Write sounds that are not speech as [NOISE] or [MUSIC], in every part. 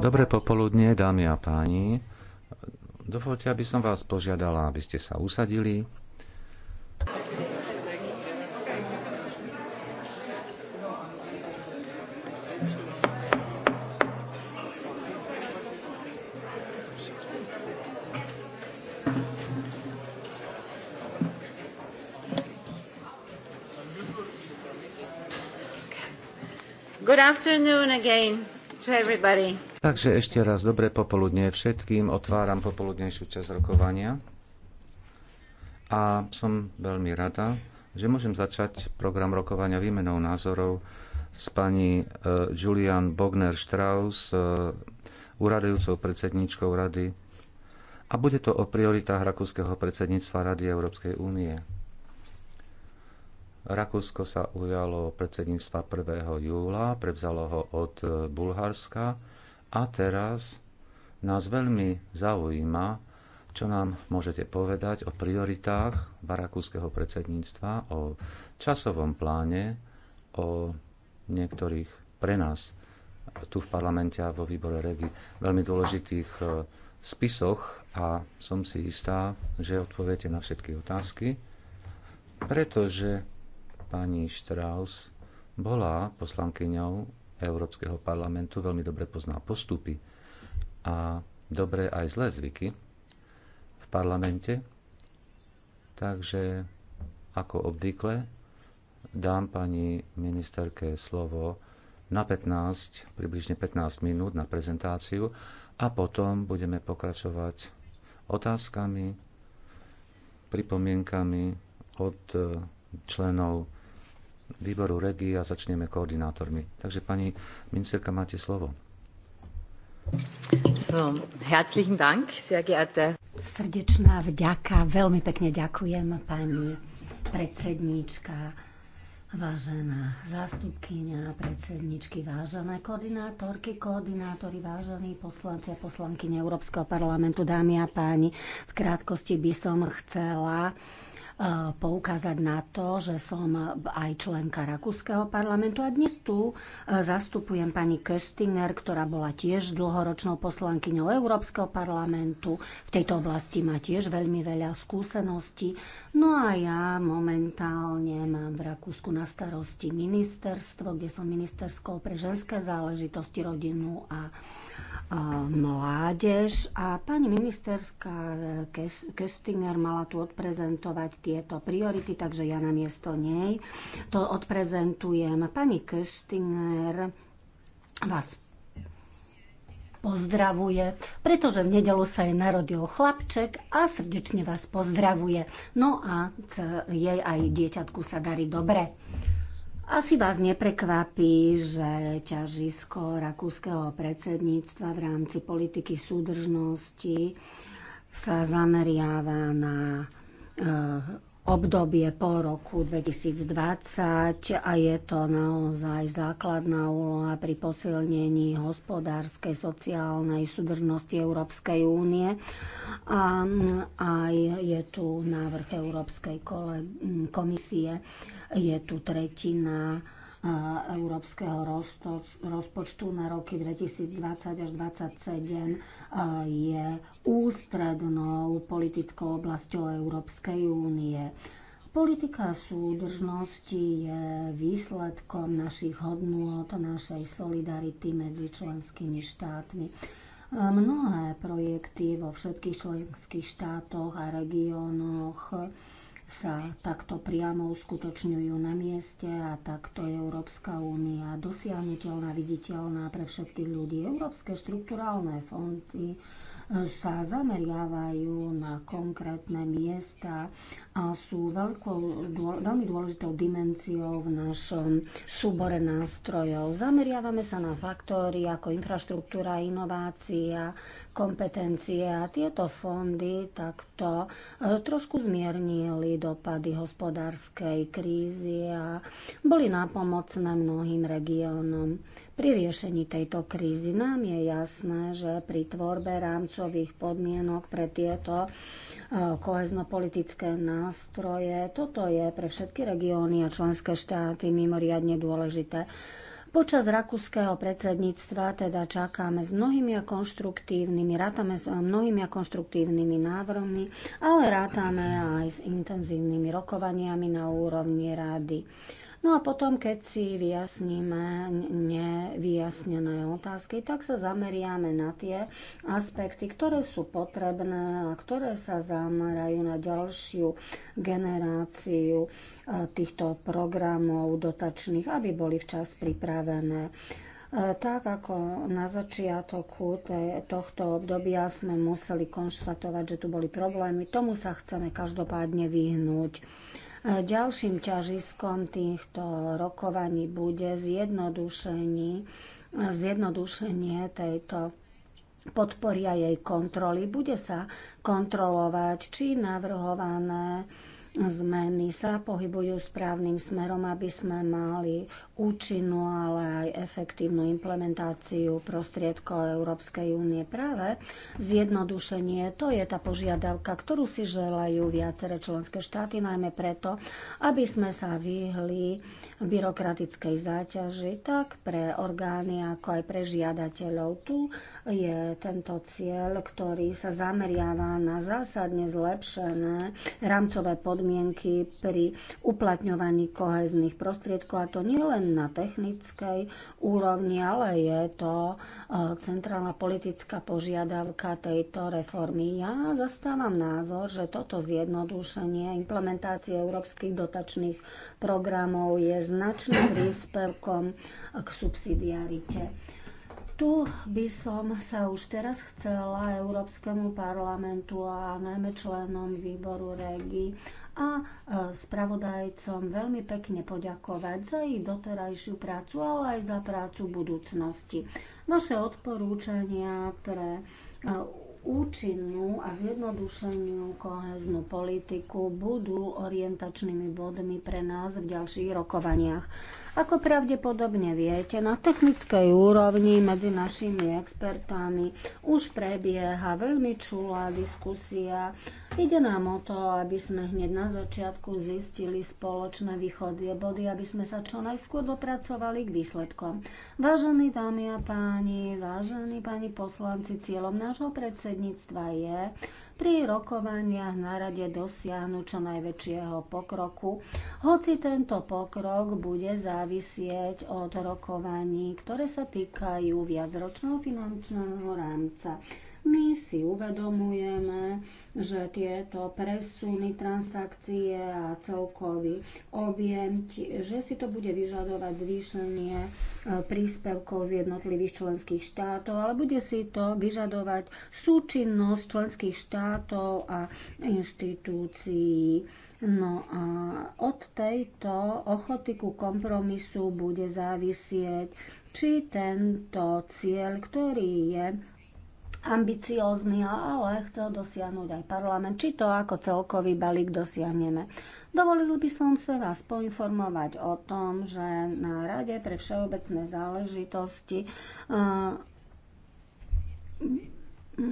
Dobré popoludne, dámy a páni. Dovolte, aby som vás požiadala, aby ste sa usadili. Good afternoon again to everybody. Takže ešte raz dobré popoludne všetkým. Otváram popoludnejšiu časť rokovania. A som veľmi rada, že môžem začať program rokovania výmenou názorov s pani e, Julian Bogner-Strauss, e, úradujúcou predsedničkou rady. A bude to o prioritách rakúskeho predsedníctva Rady Európskej únie. Rakúsko sa ujalo predsedníctva 1. júla, prevzalo ho od e, Bulharska a teraz nás veľmi zaujíma, čo nám môžete povedať o prioritách rakúskeho predsedníctva, o časovom pláne, o niektorých pre nás tu v parlamente a vo výbore regi veľmi dôležitých e, spisoch a som si istá, že odpoviete na všetky otázky, pretože pani Strauss bola poslankyňou Európskeho parlamentu, veľmi dobre pozná postupy a dobré aj zlé zvyky v parlamente. Takže ako obvykle dám pani ministerke slovo na 15, približne 15 minút na prezentáciu a potom budeme pokračovať otázkami, pripomienkami od eh, členov výboru REGI a začneme koordinátormi. Takže pani ministerka, máte slovo. So, herzlichen Dank, sehr geehrte. Srdečná vďaka, veľmi pekne ďakujem pani predsedníčka, vážená zástupkynia predsedničky, vážené koordinátorky, koordinátori, vážení poslanci a poslanky Európskeho parlamentu, dámy a páni. V krátkosti by som chcela E, poukázať na to, že som aj členka Rakúskeho parlamentu a dnes tu e, zastupujem pani Köstinger, ktorá bola tiež dlhoročnou poslankyňou Európskeho parlamentu. V tejto oblasti má tiež veľmi veľa skúseností. No a ja momentálne mám v Rakúsku na starosti ministerstvo, kde som ministerskou pre ženské záležitosti, rodinu a mládež. A pani ministerská e, Kestinger mala tu odprezentovať tieto priority, takže ja na miesto nej to odprezentujem. Pani Kestinger vás pozdravuje, pretože v nedelu sa jej narodil chlapček a srdečne vás pozdravuje. No a jej aj dieťatku sa darí dobre. Asi vás neprekvapí, že ťažisko rakúskeho predsedníctva v rámci politiky súdržnosti sa zameriava na eh, obdobie po roku 2020 a je to naozaj základná úloha pri posilnení hospodárskej, sociálnej súdržnosti Európskej únie. A aj je tu návrh Európskej komisie, je tu tretina európskeho rozpočtu na roky 2020 až 2027 je ústrednou politickou oblasťou Európskej únie. Politika súdržnosti je výsledkom našich hodnôt, našej solidarity medzi členskými štátmi. Mnohé projekty vo všetkých členských štátoch a regiónoch sa takto priamo uskutočňujú na mieste a takto je Európska únia dosiahnutelná, viditeľná pre všetkých ľudí. Európske štrukturálne fondy e, sa zameriavajú na konkrétne miesta a sú veľkou, veľmi dôležitou dimenziou v našom súbore nástrojov. Zameriavame sa na faktory ako infraštruktúra, inovácia, kompetencie a tieto fondy takto e, trošku zmiernili dopady hospodárskej krízy a boli nápomocné mnohým regiónom. Pri riešení tejto krízy nám je jasné, že pri tvorbe rámcových podmienok pre tieto e, koheznopolitické nástroje toto je pre všetky regióny a členské štáty mimoriadne dôležité. Počas rakúskeho predsedníctva teda čakáme s mnohými a konštruktívnymi, rátame s mnohými a konštruktívnymi návrhmi, ale rátame aj s intenzívnymi rokovaniami na úrovni rady. No a potom, keď si vyjasníme nevyjasnené otázky, tak sa zameriame na tie aspekty, ktoré sú potrebné a ktoré sa zamerajú na ďalšiu generáciu e, týchto programov dotačných, aby boli včas pripravené. E, tak ako na začiatku tohto obdobia sme museli konštatovať, že tu boli problémy, tomu sa chceme každopádne vyhnúť. Ďalším ťažiskom týchto rokovaní bude zjednodušenie, zjednodušenie tejto podporia jej kontroly. Bude sa kontrolovať, či navrhované zmeny sa pohybujú správnym smerom, aby sme mali účinnú, ale aj efektívnu implementáciu prostriedkov Európskej únie. Práve zjednodušenie, to je tá požiadavka, ktorú si želajú viaceré členské štáty, najmä preto, aby sme sa vyhli byrokratickej záťaži, tak pre orgány, ako aj pre žiadateľov. Tu je tento cieľ, ktorý sa zameriava na zásadne zlepšené rámcové podmienky podmienky pri uplatňovaní kohezných prostriedkov a to nie len na technickej úrovni, ale je to e, centrálna politická požiadavka tejto reformy. Ja zastávam názor, že toto zjednodušenie implementácie európskych dotačných programov je značným príspevkom k subsidiarite. Tu by som sa už teraz chcela Európskemu parlamentu a najmä členom výboru REGI a e, spravodajcom veľmi pekne poďakovať za ich doterajšiu prácu, ale aj za prácu budúcnosti. Vaše odporúčania pre e, účinnú a zjednodušenú koheznú politiku budú orientačnými bodmi pre nás v ďalších rokovaniach. Ako pravdepodobne viete, na technickej úrovni medzi našimi expertami už prebieha veľmi čulá diskusia. Ide nám o to, aby sme hneď na začiatku zistili spoločné východie body, aby sme sa čo najskôr dopracovali k výsledkom. Vážení dámy a páni, vážení páni poslanci, cieľom nášho predsedníctva je, pri rokovaniach na rade dosiahnu čo najväčšieho pokroku, hoci tento pokrok bude závisieť od rokovaní, ktoré sa týkajú viacročného finančného rámca. My si uvedomujeme, že tieto presuny transakcie a celkový objem, že si to bude vyžadovať zvýšenie e, príspevkov z jednotlivých členských štátov, ale bude si to vyžadovať súčinnosť členských štátov a inštitúcií. No a od tejto ochoty ku kompromisu bude závisieť, či tento cieľ, ktorý je ambiciózny, ale chcel dosiahnuť aj parlament, či to ako celkový balík dosiahneme. Dovolil by som sa vás poinformovať o tom, že na Rade pre všeobecné záležitosti uh,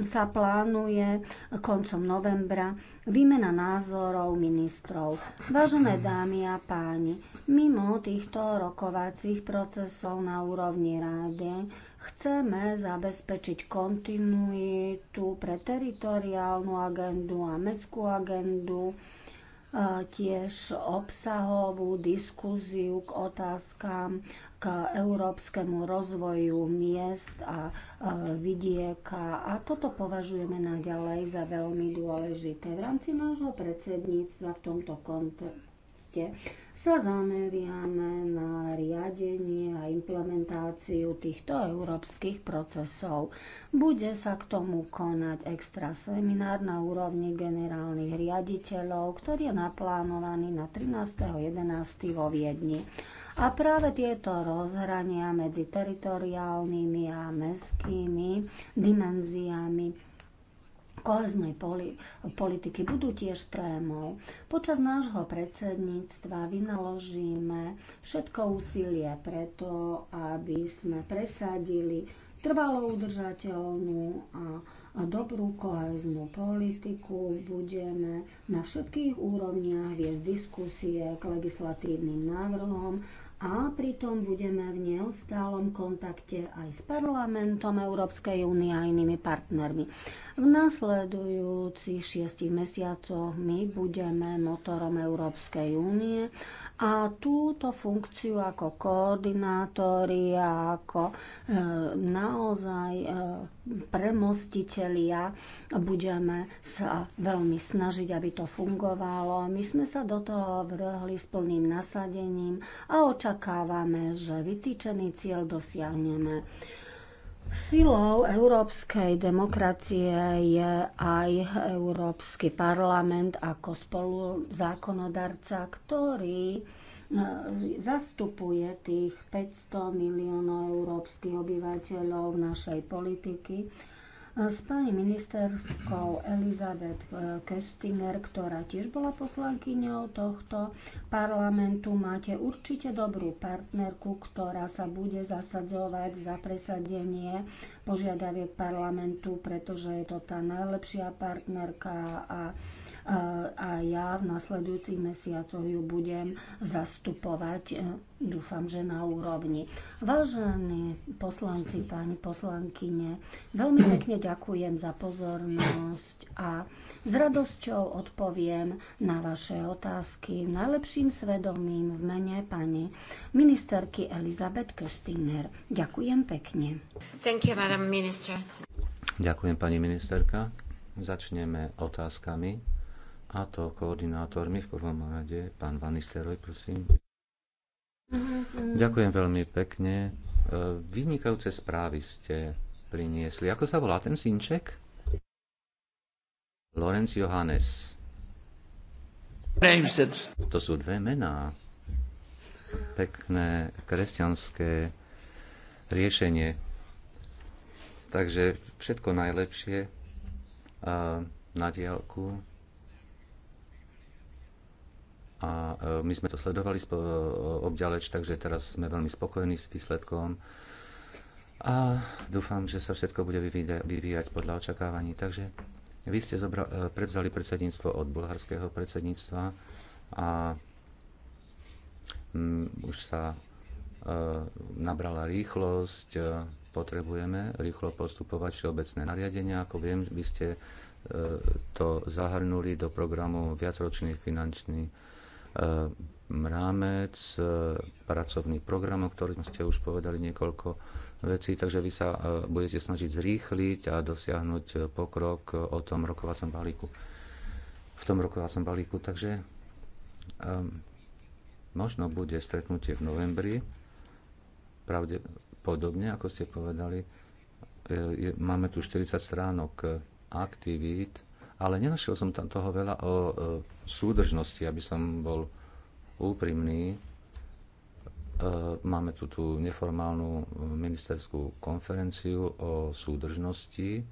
sa plánuje koncom novembra výmena názorov ministrov. Vážené dámy a páni, mimo týchto rokovacích procesov na úrovni rády chceme zabezpečiť kontinuitu pre teritoriálnu agendu a mestskú agendu, e, tiež obsahovú diskuziu k otázkam k európskemu rozvoju miest a vidieka a toto považujeme naďalej za veľmi dôležité. V rámci nášho predsedníctva v tomto kontexte texte sa zameriame na riadenie a implementáciu týchto európskych procesov. Bude sa k tomu konať extra seminár na úrovni generálnych riaditeľov, ktorý je naplánovaný na 13.11. vo Viedni. A práve tieto rozhrania medzi teritoriálnymi a mestskými dimenziami koheznej poli- politiky budú tiež témou. Počas nášho predsedníctva vynaložíme všetko úsilie preto, aby sme presadili trvalo udržateľnú a a dobrú koheznú politiku budeme na všetkých úrovniach viesť diskusie k legislatívnym návrhom a pritom budeme v neustálom kontakte aj s parlamentom Európskej únie a inými partnermi. V nasledujúcich šiestich mesiacoch my budeme motorom Európskej únie a túto funkciu ako koordinátori a ako e, naozaj e, premostitelia budeme sa veľmi snažiť, aby to fungovalo. My sme sa do toho vrhli s plným nasadením a očakávame, že vytýčený cieľ dosiahneme. Silou európskej demokracie je aj Európsky parlament ako spoluzákonodarca, ktorý eh, zastupuje tých 500 miliónov európskych obyvateľov našej politiky E, s pani ministerskou Elizabeth e, Kestinger, ktorá tiež bola poslankyňou tohto parlamentu. Máte určite dobrú partnerku, ktorá sa bude zasadzovať za presadenie požiadaviek parlamentu, pretože je to tá najlepšia partnerka a Eh, a ja v nasledujúcich mesiacoch ju budem zastupovať, eh, dúfam, že na úrovni. Vážení poslanci, páni poslankyne, veľmi pekne ďakujem za pozornosť a s radosťou odpoviem na vaše otázky najlepším svedomím v mene pani ministerky Elizabeth Köstinger. Ďakujem pekne. Thank you, Madam Minister. Ďakujem, pani ministerka. Začneme otázkami a to koordinátormi v prvom rade, pán Van prosím. Ďakujem veľmi pekne. E, vynikajúce správy ste priniesli. Ako sa volá ten synček? Lorenz Johannes. To sú dve mená. Pekné kresťanské riešenie. Takže všetko najlepšie na diálku a e, my sme to sledovali e, obďaleč, takže teraz sme veľmi spokojní s výsledkom a dúfam, že sa všetko bude vyvíjať podľa očakávaní. Takže vy ste zobra- e, prevzali predsedníctvo od bulharského predsedníctva a mm, už sa nabrala rýchlosť, potrebujeme rýchlo postupovať všeobecné nariadenia. Ako viem, vy ste to zahrnuli do programu viacročných finančných Ehm, rámec, e, pracovný program, o ktorom ste už povedali niekoľko vecí, takže vy sa e, budete snažiť zrýchliť a dosiahnuť e, pokrok o tom rokovacom balíku. V tom rokovacom balíku, takže um, možno bude stretnutie v novembri, pravdepodobne, ako ste povedali, je, máme tu 40 stránok aktivít, ale nenašiel som tam toho veľa o súdržnosti, aby som bol úprimný. E, máme tu tú neformálnu ministerskú konferenciu o súdržnosti,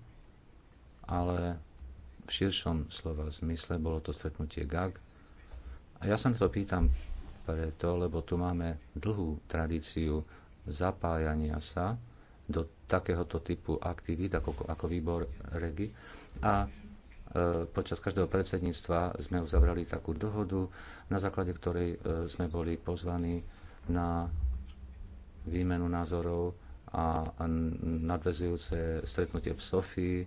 ale v širšom slova zmysle bolo to stretnutie GAG. A ja sa to pýtam preto, lebo tu máme dlhú tradíciu zapájania sa do takéhoto typu aktivít ako, ako výbor REGI a E, počas každého predsedníctva sme uzavrali takú dohodu, na základe ktorej e, sme boli pozvaní na výmenu názorov a nadvezujúce stretnutie v Sofii, e,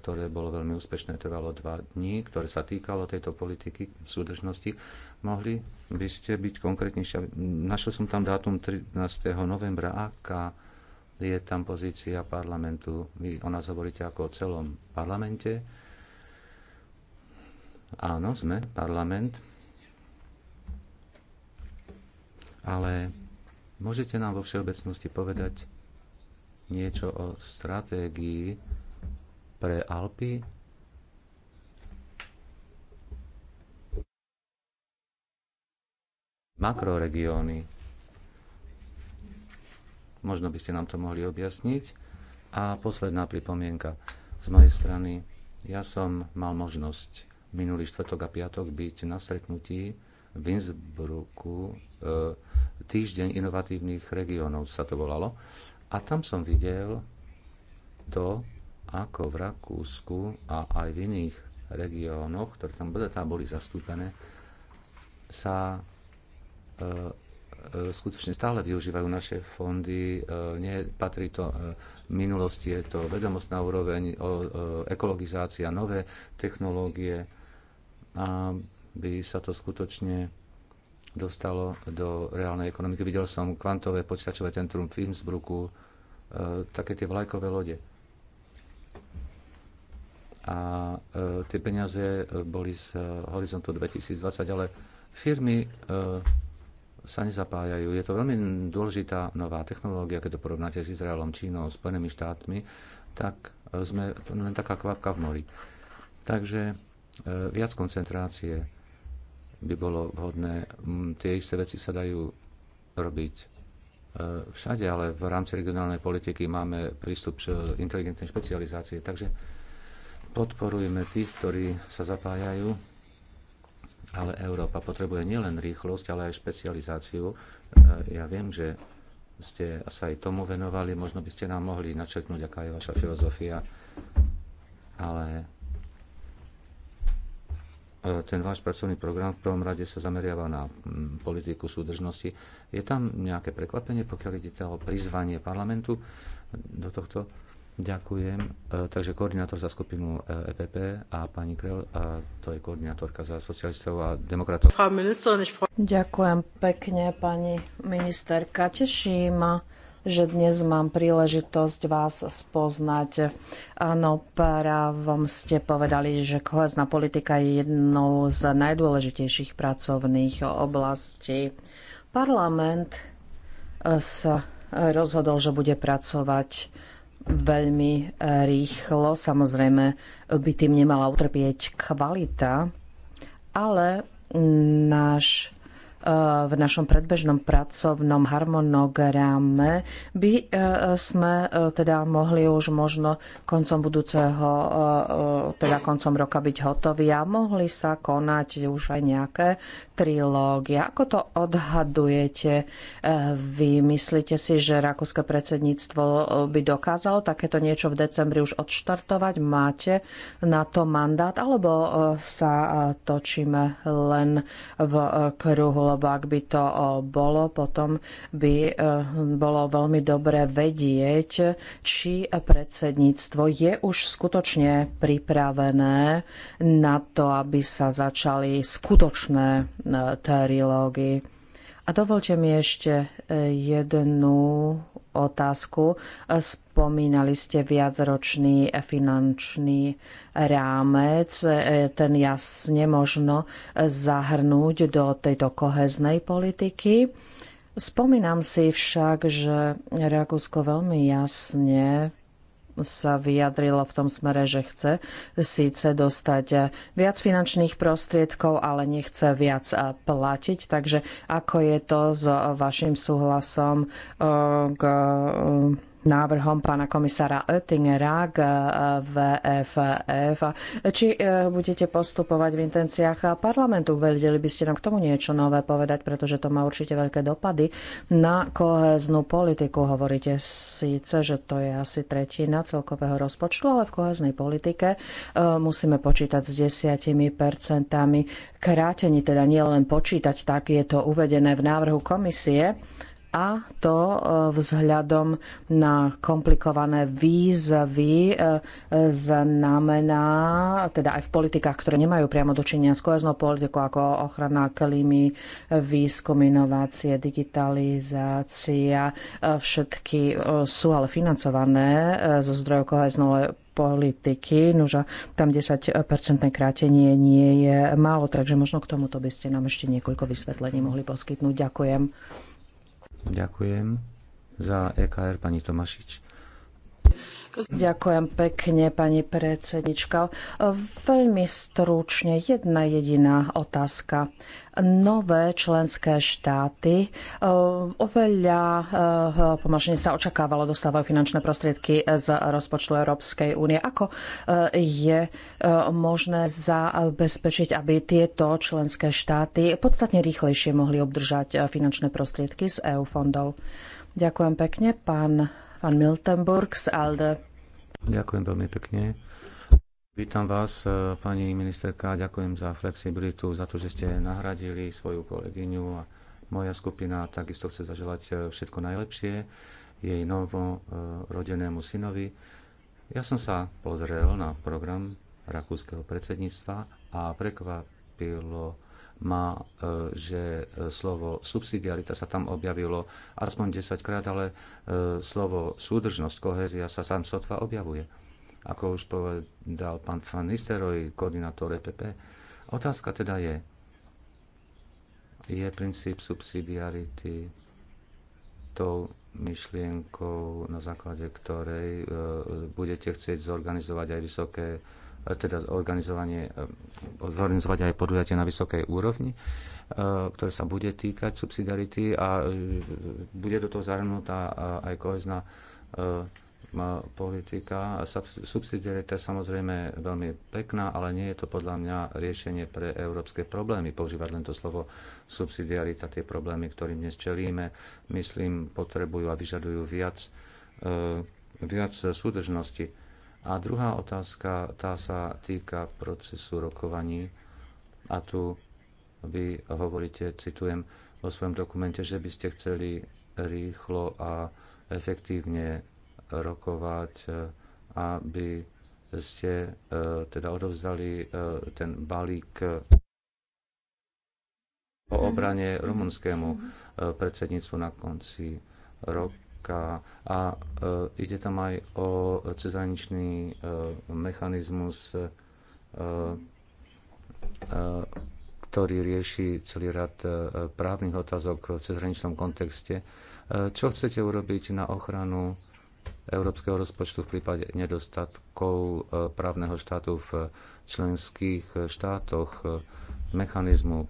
ktoré bolo veľmi úspešné, trvalo dva dní, ktoré sa týkalo tejto politiky súdržnosti. Mohli by ste byť konkrétnejšie? Našiel som tam dátum 13. novembra. Aká je tam pozícia parlamentu? Vy o nás hovoríte ako o celom parlamente Áno, sme parlament, ale môžete nám vo všeobecnosti povedať niečo o stratégii pre Alpy? Makroregióny. Možno by ste nám to mohli objasniť. A posledná pripomienka z mojej strany. Ja som mal možnosť minulý štvrtok a piatok byť na stretnutí v Innsbrucku e, Týždeň inovatívnych regiónov sa to volalo. A tam som videl to, ako v Rakúsku a aj v iných regiónoch, ktoré tam teda boli zastúpené, sa e, e, skutočne stále využívajú naše fondy. Nepatrí to minulosti, je to vedomostná úroveň, ekologizácia, nové technológie aby sa to skutočne dostalo do reálnej ekonomiky. Videl som kvantové počítačové centrum v Innsbrucku, e, také tie vlajkové lode. A e, tie peniaze boli z horizontu 2020, ale firmy e, sa nezapájajú. Je to veľmi dôležitá nová technológia, keď to porovnáte s Izraelom, Čínou, Spojenými štátmi, tak sme len taká kvapka v mori. Takže E, viac koncentrácie by bolo vhodné. Tie isté veci sa dajú robiť e, všade, ale v rámci regionálnej politiky máme prístup k inteligentnej špecializácie. Takže podporujeme tých, ktorí sa zapájajú, ale Európa potrebuje nielen rýchlosť, ale aj špecializáciu. E, ja viem, že ste sa aj tomu venovali, možno by ste nám mohli načetnúť, aká je vaša filozofia, ale E, ten váš pracovný program v prvom rade sa zameriava na politiku súdržnosti. Je tam nejaké prekvapenie, pokiaľ ide o prizvanie parlamentu do tohto? Ďakujem. E, takže koordinátor za skupinu EPP e a pani Krel, a to je koordinátorka za socialistov a demokratov. Ďakujem pekne, pani ministerka. Teší že dnes mám príležitosť vás spoznať. Áno, právom ste povedali, že kohezná politika je jednou z najdôležitejších pracovných oblastí. Parlament eh, sa rozhodol, že bude pracovať veľmi rýchlo. Samozrejme by tým nemala utrpieť kvalita, ale náš v našom predbežnom pracovnom harmonograme by e, sme e, teda mohli už možno koncom budúceho, e, teda koncom roka byť hotoví a mohli sa konať už aj nejaké trilógie. Ako to odhadujete? Vy myslíte si, že rakúske predsedníctvo by dokázalo takéto niečo v decembri už odštartovať? Máte na to mandát? Alebo sa točíme len v kruhu lebo ak by to bolo, potom by e, bolo veľmi dobre vedieť, či predsedníctvo je už skutočne pripravené na to, aby sa začali skutočné e, trilógy. A dovolte mi ešte e, jednu otázku. Spomínali ste viacročný finančný rámec. Ten jasne možno zahrnúť do tejto koheznej politiky. Spomínam si však, že Rakúsko veľmi jasne sa vyjadrilo v tom smere, že chce síce dostať viac finančných prostriedkov, ale nechce viac eh, platiť. Takže ako je to s vašim súhlasom eh, k eh, návrhom pána komisára Oettingera k e, VFF. E Či e, budete postupovať v intenciách parlamentu? Vedeli by ste nám k tomu niečo nové povedať, pretože to má určite veľké dopady na koheznú politiku. Hovoríte síce, že to je asi tretina celkového rozpočtu, ale v koheznej politike musíme počítať s desiatimi percentami krátení, teda nielen počítať, tak je to uvedené v návrhu komisie a to e, vzhľadom na komplikované výzvy e, znamená, teda aj v politikách, ktoré nemajú priamo dočinenia s koheznou politikou, ako ochrana klímy, výskum, inovácie, digitalizácia, e, všetky sú ale financované zo zdrojov koheznou politiky. Nože tam 10 krátenie nie je málo, takže možno k tomuto by ste nám ešte niekoľko vysvetlení mohli poskytnúť. Ďakujem. Ďakujem za EKR pani Tomašič. Ďakujem pekne, pani predsednička. Veľmi stručne jedna jediná otázka nové členské štáty eh, oveľa eh, pomažne sa očakávalo dostávajú finančné prostriedky z rozpočtu Európskej únie. Ako eh, je možné zabezpečiť, aby tieto členské štáty podstatne rýchlejšie mohli obdržať finančné prostriedky z EU fondov? Ďakujem pekne, pán, pán Miltenburg z ALDE. Ďakujem veľmi pekne. Vítam vás, eh, pani ministerka, ďakujem za flexibilitu, za to, že ste nahradili svoju kolegyňu a moja skupina takisto chce zaželať eh, všetko najlepšie jej novorodenému eh, rodenému synovi. Ja som sa pozrel na program rakúskeho predsedníctva a prekvapilo má, e, že e, slovo subsidiarita sa tam objavilo aspoň 10 krát, ale e, slovo súdržnosť, kohézia sa sám sotva objavuje. Ako už povedal pán Van Nisteroj, koordinátor EPP, otázka teda je, je princíp subsidiarity tou myšlienkou, na základe ktorej budete chcieť zorganizovať aj vysoké E, teda zorganizovanie, e, zorganizovať aj podujatie na vysokej úrovni, e, ktoré sa bude týkať subsidiarity a bude do toho zahrnutá aj kohezná politika. Subsidiarita je samozrejme veľmi pekná, ale nie je to podľa mňa riešenie pre európske problémy. Používať len to slovo subsidiarita, tie problémy, ktorým dnes čelíme, myslím, potrebujú a vyžadujú viac, viac súdržnosti a druhá otázka, tá sa týka procesu rokovaní. A tu vy hovoríte, citujem vo svojom dokumente, že by ste chceli rýchlo a efektívne rokovať, e, aby ste e, teda odovzdali e, ten balík o mhm. obrane mhm. rumunskému predsedníctvu na konci roku. Turecka a e, ide tam aj o e, mechanizmus, e, e, ktorý rieši celý rad právnych otázok v cezhraničnom kontexte. Čo chcete urobiť na ochranu európskeho rozpočtu v prípade nedostatkov právneho štátu v členských štátoch? mechanizmu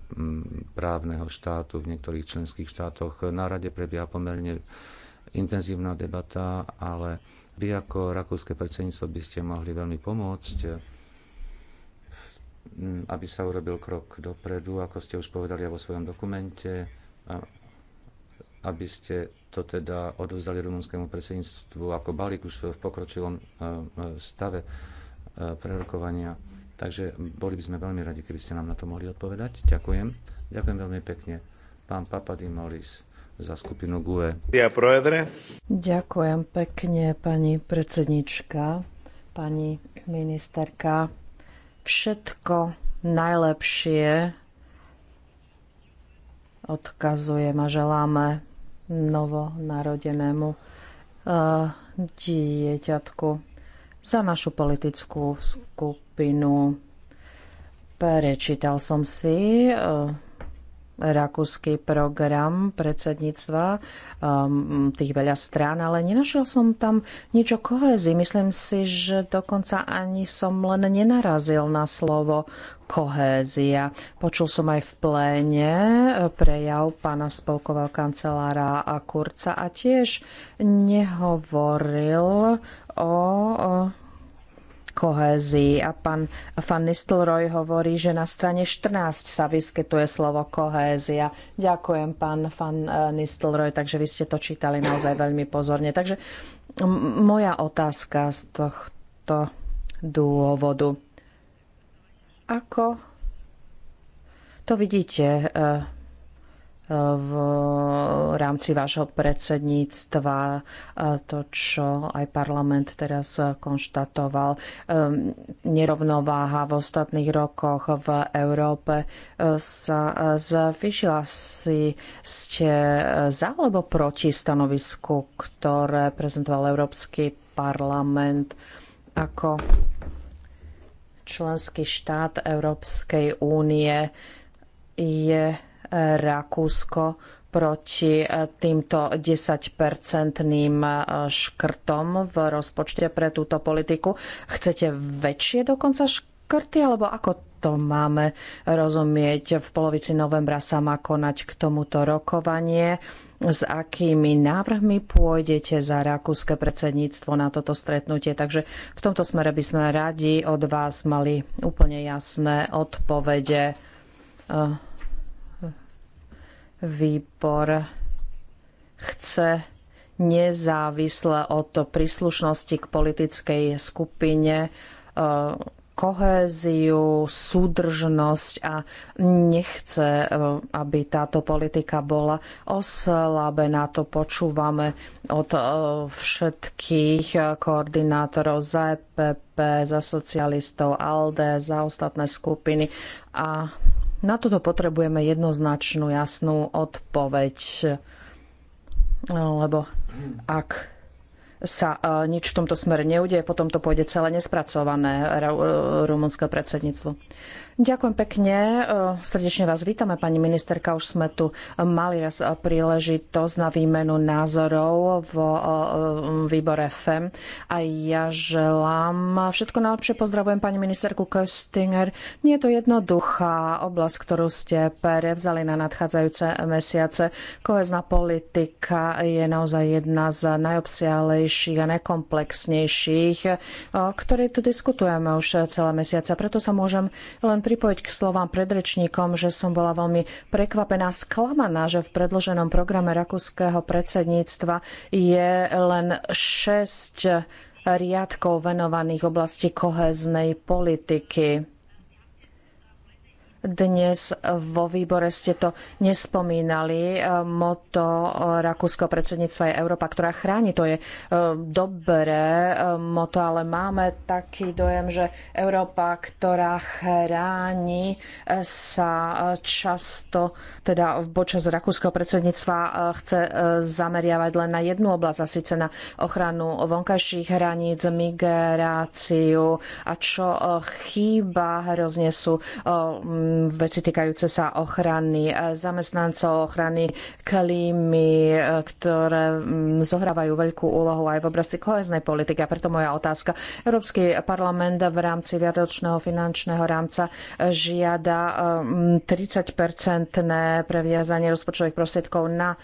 právneho štátu v niektorých členských štátoch. Na rade prebieha pomerne intenzívna debata, ale vy ako rakúske predsedníctvo by ste mohli veľmi pomôcť, aby sa urobil krok dopredu, ako ste už povedali vo svojom dokumente, aby ste to teda odovzdali rumunskému predsedníctvu ako balík už v pokročilom e, e, stave e, prerokovania. Takže boli by sme veľmi radi, keby ste nám na to mohli odpovedať. Ďakujem. Ďakujem veľmi pekne. Pán Papadimolis. Molis za skupinu GUE. Ja proedre. Ďakujem pekne, pani predsednička, pani ministerka. Všetko najlepšie odkazujem a želáme novonarodenému eh, dieťatku za našu politickú skupinu. Prečítal som si eh, rakúsky program predsedníctva um, tých veľa strán, ale nenašiel som tam nič o kohezii. Myslím si, že dokonca ani som len nenarazil na slovo kohézia. Počul som aj v pléne eh, prejav pána spolkového kancelára Kurca a tiež nehovoril o, o kohézii. A pán Van Nistelrooy hovorí, že na strane 14 sa vyskytuje slovo kohézia. Ďakujem, pán Van e, Nistelrooy, takže vy ste to čítali naozaj veľmi pozorne. Takže moja otázka z tohto dôvodu. Ako to vidíte, e, v rámci vášho predsedníctva to, čo aj parlament teraz konštatoval. Ehm, nerovnováha v ostatných rokoch v Európe e, sa e, zvýšila si ste za alebo proti stanovisku, ktoré prezentoval Európsky parlament ako členský štát Európskej únie je Rakúsko proti e, týmto 10-percentným e, škrtom v rozpočte pre túto politiku. Chcete väčšie dokonca škrty, alebo ako to máme rozumieť? V polovici novembra sa má konať k tomuto rokovanie. S akými návrhmi pôjdete za rakúske predsedníctvo na toto stretnutie? Takže v tomto smere by sme radi od vás mali úplne jasné odpovede e, výbor chce nezávisle od príslušnosti k politickej skupine e, kohéziu, súdržnosť a nechce, e, aby táto politika bola oslabená. To počúvame od e, všetkých koordinátorov za EPP, za socialistov, ALDE, za ostatné skupiny a na toto potrebujeme jednoznačnú, jasnú odpoveď, lebo ak sa e, nič v tomto smere neudeje, potom to pôjde celé nespracované e, rumunské predsedníctvo. Ďakujem pekne. E, srdečne vás vítame, pani ministerka. Už sme tu mali raz e, príležitosť na výmenu názorov v e, výbore FEM. A ja želám všetko najlepšie. Pozdravujem pani ministerku Köstinger. Nie je to jednoduchá oblasť, ktorú ste prevzali na nadchádzajúce mesiace. Kohezná politika je naozaj jedna z najobsiahlejších a najkomplexnejších, o ktorej tu diskutujeme už celé mesiace. Preto sa môžem len pripojiť k slovám predrečníkom, že som bola veľmi prekvapená, sklamaná, že v predloženom programe rakúskeho predsedníctva je len 6 riadkov venovaných oblasti kohéznej politiky dnes vo výbore ste to nespomínali. Moto rakúskeho predsedníctva je Európa, ktorá chráni. To je e, dobré e, moto, ale máme taký dojem, že Európa, ktorá chráni, e, sa často, teda počas rakúskeho predsedníctva chce zameriavať len na jednu oblasť, a síce na ochranu vonkajších hraníc, migráciu a čo chýba hrozne sú veci týkajúce sa ochrany e, zamestnancov, ochrany klímy, e, ktoré mm, zohrávajú veľkú úlohu aj v oblasti koheznej politiky. A preto moja otázka. Európsky parlament v rámci viadočného finančného rámca žiada 30-percentné e, previazanie rozpočtových prostriedkov na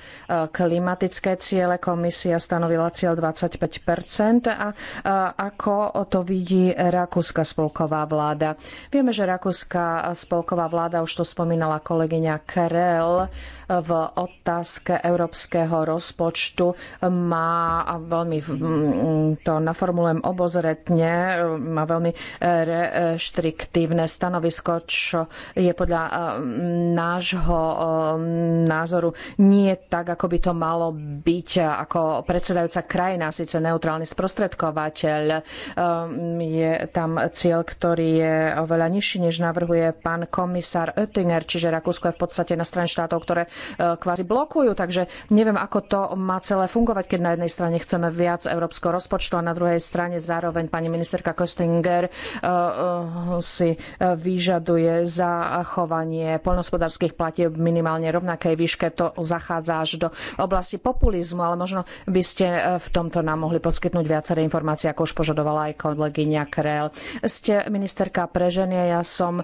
klimatické ciele. Komisia stanovila cieľ 25 a ako to vidí Rakúska spolková vláda. Vieme, že Rakúska spolková Maďarsková vláda, už to spomínala kolegyňa Karel, v otázke európskeho rozpočtu má a veľmi to naformulujem obozretne, má veľmi e, reštriktívne stanovisko, čo je podľa e, nášho e, názoru nie tak, ako by to malo byť ako predsedajúca krajina, síce neutrálny sprostredkovateľ. Je tam cieľ, ktorý je oveľa nižší, než navrhuje pán komisár Oettinger, čiže Rakúsko je v podstate na strane štátov, ktoré Eh, kvázi blokujú. Takže neviem, ako to má celé fungovať, keď na jednej strane chceme viac európskeho rozpočtu a na druhej strane zároveň pani ministerka Kostinger eh, eh, si vyžaduje zachovanie poľnohospodárskych platieb minimálne rovnakej výške. To zachádza až do oblasti populizmu, ale možno by ste v tomto nám mohli poskytnúť viaceré informácie, ako už požadovala aj kolegyňa Krell. Ste ministerka pre ženy, ja som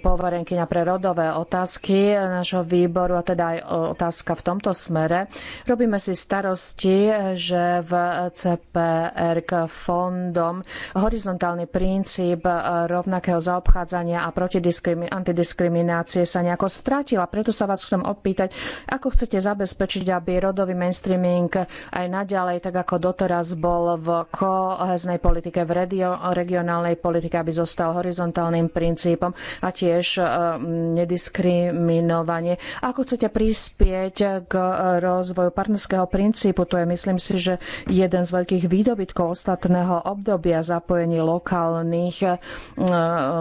poverenkyňa pre rodové otázky nášho výboru výboru a teda aj otázka v tomto smere. Robíme si starosti, že v CPR k fondom horizontálny princíp rovnakého zaobchádzania a antidiskriminácie sa nejako stratil a preto sa vás chcem opýtať, ako chcete zabezpečiť, aby rodový mainstreaming aj naďalej, tak ako doteraz bol v koheznej politike, v regionálnej politike, aby zostal horizontálnym princípom a tiež eh, nediskriminovanie. Ako chcete prispieť k eh, rozvoju partnerského princípu? To je, myslím si, že jeden z veľkých výdobytkov ostatného obdobia zapojenie lokálnych, eh,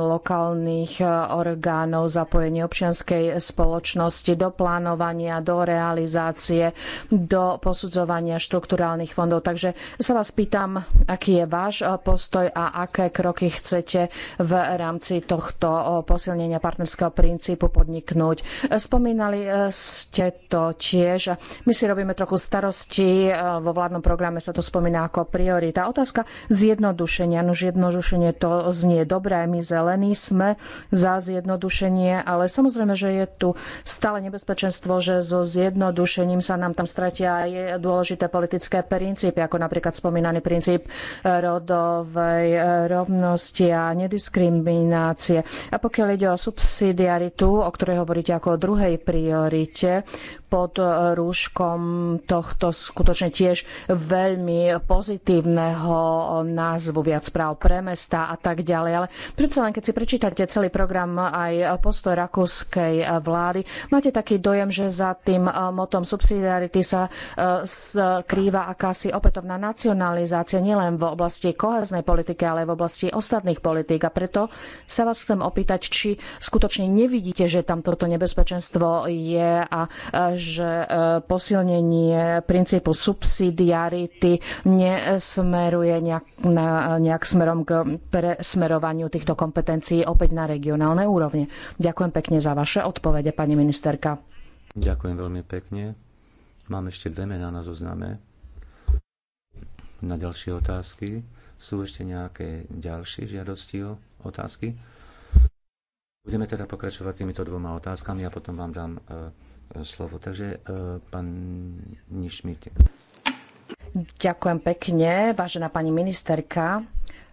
lokálnych eh, orgánov, zapojenie občianskej spoločnosti do plánovania, do realizácie, do posudzovania štrukturálnych fondov. Takže sa vás pýtam, aký je váš postoj a aké kroky chcete v rámci tohto posilnenia partnerského princípu podniknúť. Spomínam Spomínali e, ste to tiež. My si robíme trochu starosti. E, vo vládnom programe sa to spomína ako priorita. Otázka zjednodušenia. No zjednodušenie to znie dobré. My zelení sme za zjednodušenie, ale samozrejme, že je tu stále nebezpečenstvo, že so zjednodušením sa nám tam stratia aj dôležité politické princípy, ako napríklad spomínaný princíp e, rodovej rovnosti a nediskriminácie. A pokiaľ ide o subsidiaritu, o ktorej hovoríte ako o druhej priorite pod eh, rúškom tohto skutočne tiež veľmi pozitívneho eh, názvu, viac práv pre mesta a tak ďalej. Ale predsa len, keď si prečítate celý program eh, aj postoj rakúskej vlády, máte taký dojem, že za tým motom subsidiarity sa skrýva akási opätovná nacionalizácia nielen v oblasti koheznej politiky, ale aj v oblasti ostatných politík. A preto sa vás chcem opýtať, či skutočne nevidíte, že tam toto nebezpečenstvo je a že e, posilnenie princípu subsidiarity nesmeruje nejak, na, nejak smerom k presmerovaniu týchto kompetencií opäť na regionálne úrovne. Ďakujem pekne za vaše odpovede, pani ministerka. Ďakujem veľmi pekne. Mám ešte dve mená na zozname. Na ďalšie otázky. Sú ešte nejaké ďalšie žiadosti o otázky? Budeme teda pokračovať týmito dvoma otázkami a potom vám dám e, slovo. Takže e, pán Nišmit. Ďakujem pekne, vážená pani ministerka.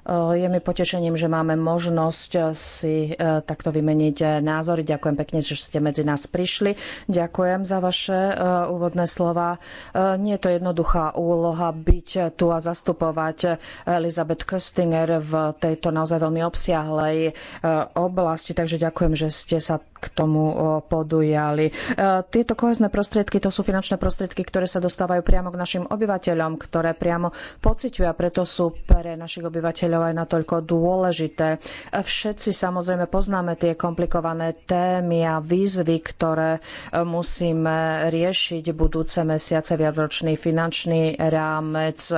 Eh, je mi potešením, že máme možnosť eh, si eh, takto vymeniť názory. Ďakujem pekne, že ste medzi nás prišli. Ďakujem za vaše úvodné slova. Nie je to jednoduchá úloha byť tu a zastupovať Elizabeth Köstinger v tejto naozaj veľmi obsiahlej oblasti, takže ďakujem, že ste sa k tomu podujali. Tieto kohezné prostriedky to sú finančné prostriedky, ktoré sa dostávajú priamo k našim obyvateľom, ktoré priamo pociťujú a preto sú pre našich obyvateľov automobilov aj natoľko dôležité. Všetci samozrejme poznáme tie komplikované témy a výzvy, ktoré e, musíme riešiť budúce mesiace, viacročný finančný rámec. E,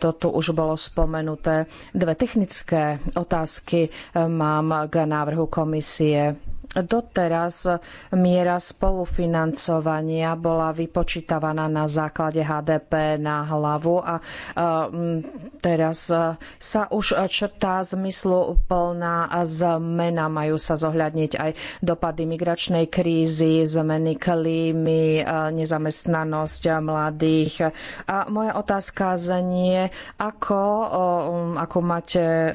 to tu už bolo spomenuté. Dve technické otázky e, mám k návrhu komisie Doteraz miera spolufinancovania bola vypočítavaná na základe HDP na hlavu a teraz e, sa už črtá zmysluplná zmena. Majú sa zohľadniť aj dopady migračnej krízy, zmeny klímy, e, nezamestnanosť mladých. A moja otázka znie, ako, ako máte e,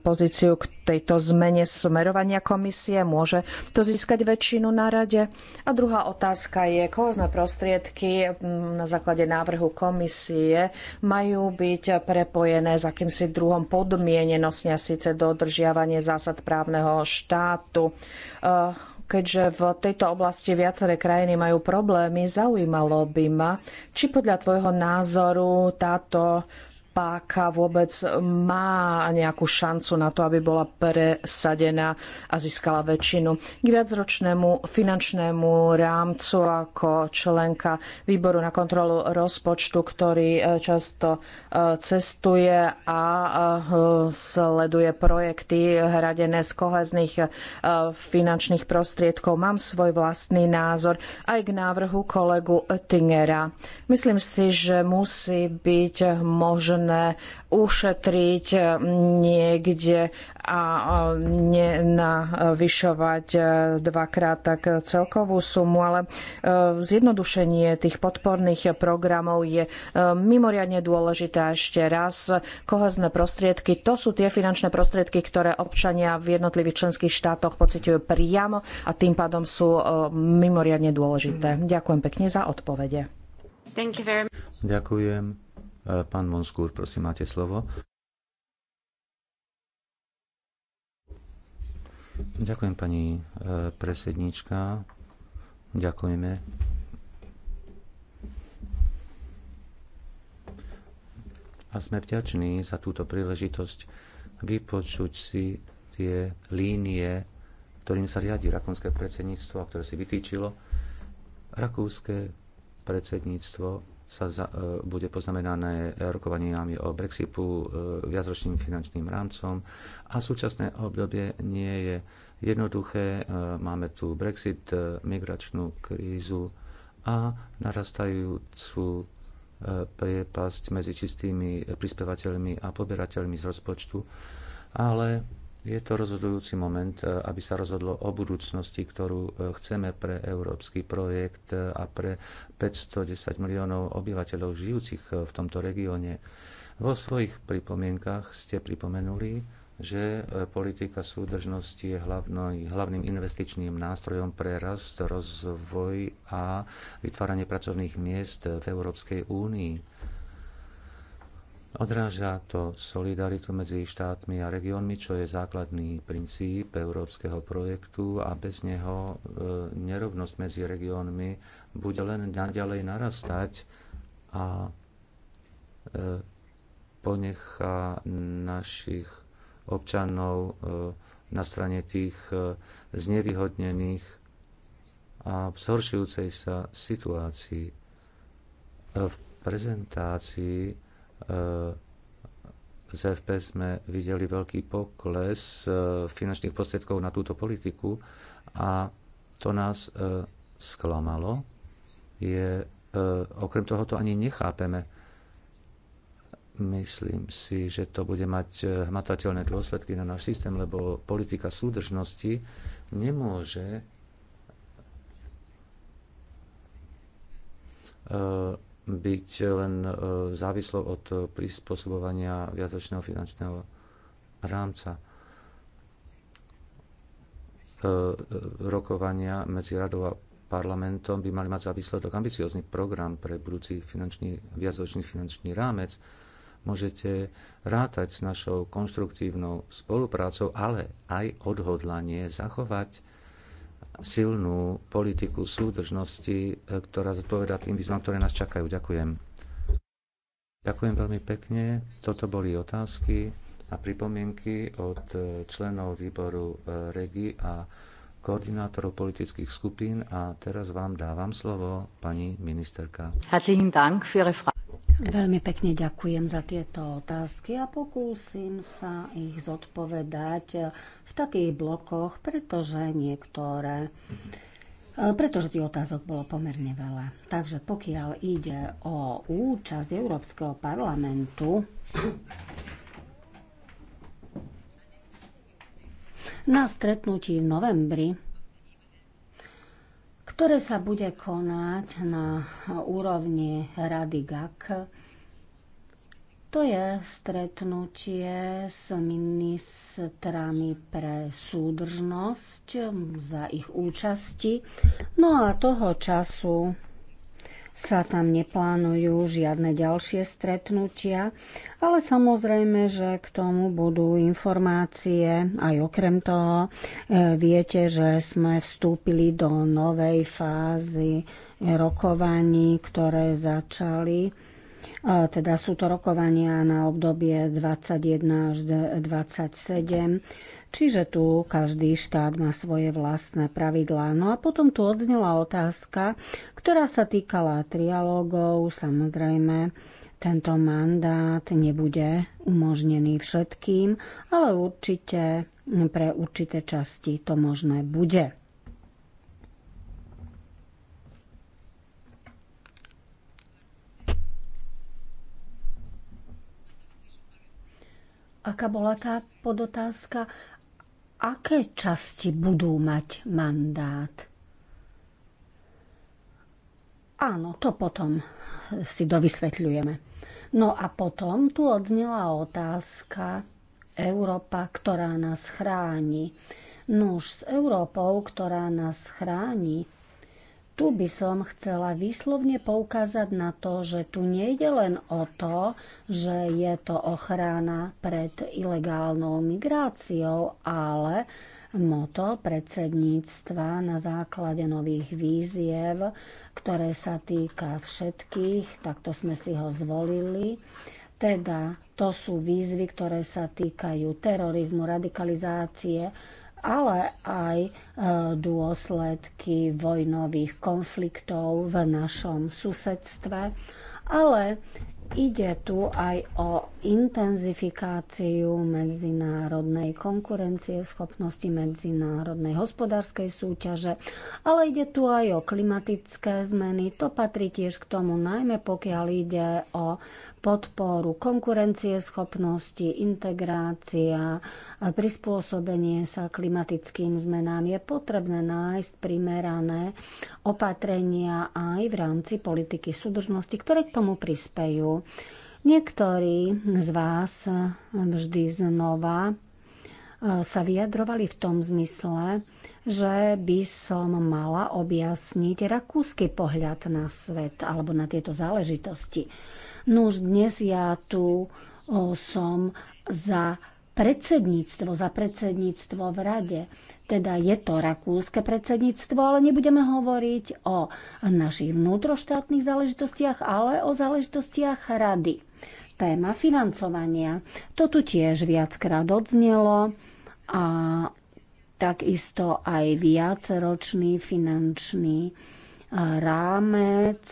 pozíciu k tejto zmene smerovania komisie? Môže to získať väčšinu na rade? A druhá otázka je, kohozné prostriedky mm, na základe návrhu komisie majú byť prepojené s akýmsi druhom podmienenosti a síce dodržiavanie zásad právneho štátu e, keďže v tejto oblasti viaceré krajiny majú problémy, zaujímalo by ma, či podľa tvojho názoru táto páka vôbec má nejakú šancu na to, aby bola presadená a získala väčšinu. K viacročnému finančnému rámcu ako členka výboru na kontrolu rozpočtu, ktorý e, často e, cestuje a e, sleduje projekty hradené z kohezných finančných prostriedkov, mám svoj vlastný názor aj k návrhu kolegu Oettingera. Myslím si, že musí byť možné možné ušetriť niekde a nenavyšovať dvakrát tak celkovú sumu, ale e, zjednodušenie tých podporných programov je e, mimoriadne dôležité. Ešte raz, kohezné prostriedky, to sú tie finančné prostriedky, ktoré občania v jednotlivých členských štátoch pociťujú priamo a tým pádom sú e, mimoriadne dôležité. Ďakujem pekne za odpovede. Ďakujem. Eh, pán Monskúr, prosím, máte slovo. Ďakujem, pani eh, presedníčka. Ďakujeme. A sme vďační za túto príležitosť vypočuť si tie línie, ktorým sa riadi rakúske predsedníctvo a ktoré si vytýčilo. Rakúske predsedníctvo sa za, e, bude poznamenané rokovaniami o Brexitu, e, viacročným finančným rámcom a súčasné obdobie nie je jednoduché. E, máme tu Brexit, migračnú krízu a narastajúcu priepasť medzi čistými prispievateľmi a poberateľmi z rozpočtu. Ale je to rozhodujúci moment, eh, aby sa rozhodlo o budúcnosti, ktorú eh, chceme pre európsky projekt eh, a pre 510 miliónov obyvateľov žijúcich v tomto regióne. Vo svojich pripomienkach ste pripomenuli, že politika súdržnosti je hlavným investičným nástrojom pre rast, rozvoj a vytváranie pracovných miest v Európskej únii. Odráža to solidaritu medzi štátmi a regiónmi, čo je základný princíp európskeho projektu a bez neho e, nerovnosť medzi regiónmi bude len naďalej narastať a e, ponechá našich občanov e, na strane tých znevýhodnených a v zhoršujúcej sa situácii. V prezentácii E, z FP sme videli veľký pokles e, finančných prostriedkov na túto politiku a to nás e, sklamalo. Je, okrem toho to ani nechápeme. Myslím si, že to bude mať hmatateľné dôsledky na náš systém, lebo politika súdržnosti nemôže byť len e, závislou od e, prispôsobovania viacročného finančného rámca e, rokovania medzi radou a parlamentom by mali mať za výsledok ambiciózny program pre budúci finančný, viacročný finančný rámec. Môžete rátať s našou konštruktívnou spoluprácou, ale aj odhodlanie zachovať silnú politiku súdržnosti, e, ktorá zodpoveda tým výzvam, ktoré nás čakajú. Ďakujem. Ďakujem veľmi pekne. Toto boli otázky a pripomienky od e, členov výboru e, REGI a koordinátorov politických skupín a teraz vám dávam slovo pani ministerka. Herzlichen Dank für Ihre Frage. Veľmi pekne ďakujem za tieto otázky a pokúsim sa ich zodpovedať v takých blokoch, pretože niektoré pretože tých otázok bolo pomerne veľa. Takže pokiaľ ide o účasť Európskeho parlamentu na stretnutí v novembri ktoré sa bude konať na úrovni Rady GAK. To je stretnutie s ministrami pre súdržnosť za ich účasti. No a toho času sa tam neplánujú žiadne ďalšie stretnutia, ale samozrejme, že k tomu budú informácie. Aj okrem toho e, viete, že sme vstúpili do novej fázy rokovaní, ktoré začali. E, teda sú to rokovania na obdobie 21 až 27 Čiže tu každý štát má svoje vlastné pravidlá. No a potom tu odznela otázka, ktorá sa týkala trialógov. Samozrejme, tento mandát nebude umožnený všetkým, ale určite pre určité časti to možné bude. aká bola tá podotázka, aké časti budú mať mandát. Áno, to potom si dovysvetľujeme. No a potom tu odznela otázka Európa, ktorá nás chráni. Nuž s Európou, ktorá nás chráni, tu by som chcela výslovne poukázať na to, že tu nejde len o to, že je to ochrana pred ilegálnou migráciou, ale moto predsedníctva na základe nových víziev, ktoré sa týka všetkých, takto sme si ho zvolili. Teda to sú výzvy, ktoré sa týkajú terorizmu, radikalizácie, ale aj e, dôsledky vojnových konfliktov v našom susedstve. Ale ide tu aj o intenzifikáciu medzinárodnej konkurencie, schopnosti medzinárodnej hospodárskej súťaže, ale ide tu aj o klimatické zmeny. To patrí tiež k tomu, najmä pokiaľ ide o podporu konkurencie schopnosti, integrácia, prispôsobenie sa klimatickým zmenám. Je potrebné nájsť primerané opatrenia aj v rámci politiky súdržnosti, ktoré k tomu prispejú. Niektorí mhm. z vás eh, vždy znova eh, sa vyjadrovali v tom zmysle, že by som mala objasniť rakúsky pohľad na svet alebo na tieto záležitosti. No už dnes ja tu eh, som za predsedníctvo, za predsedníctvo v rade. Teda je to rakúske predsedníctvo, ale nebudeme hovoriť o našich vnútroštátnych záležitostiach, ale o záležitostiach rady téma financovania. To tu tiež viackrát odznelo a takisto aj viaceročný finančný e, rámec,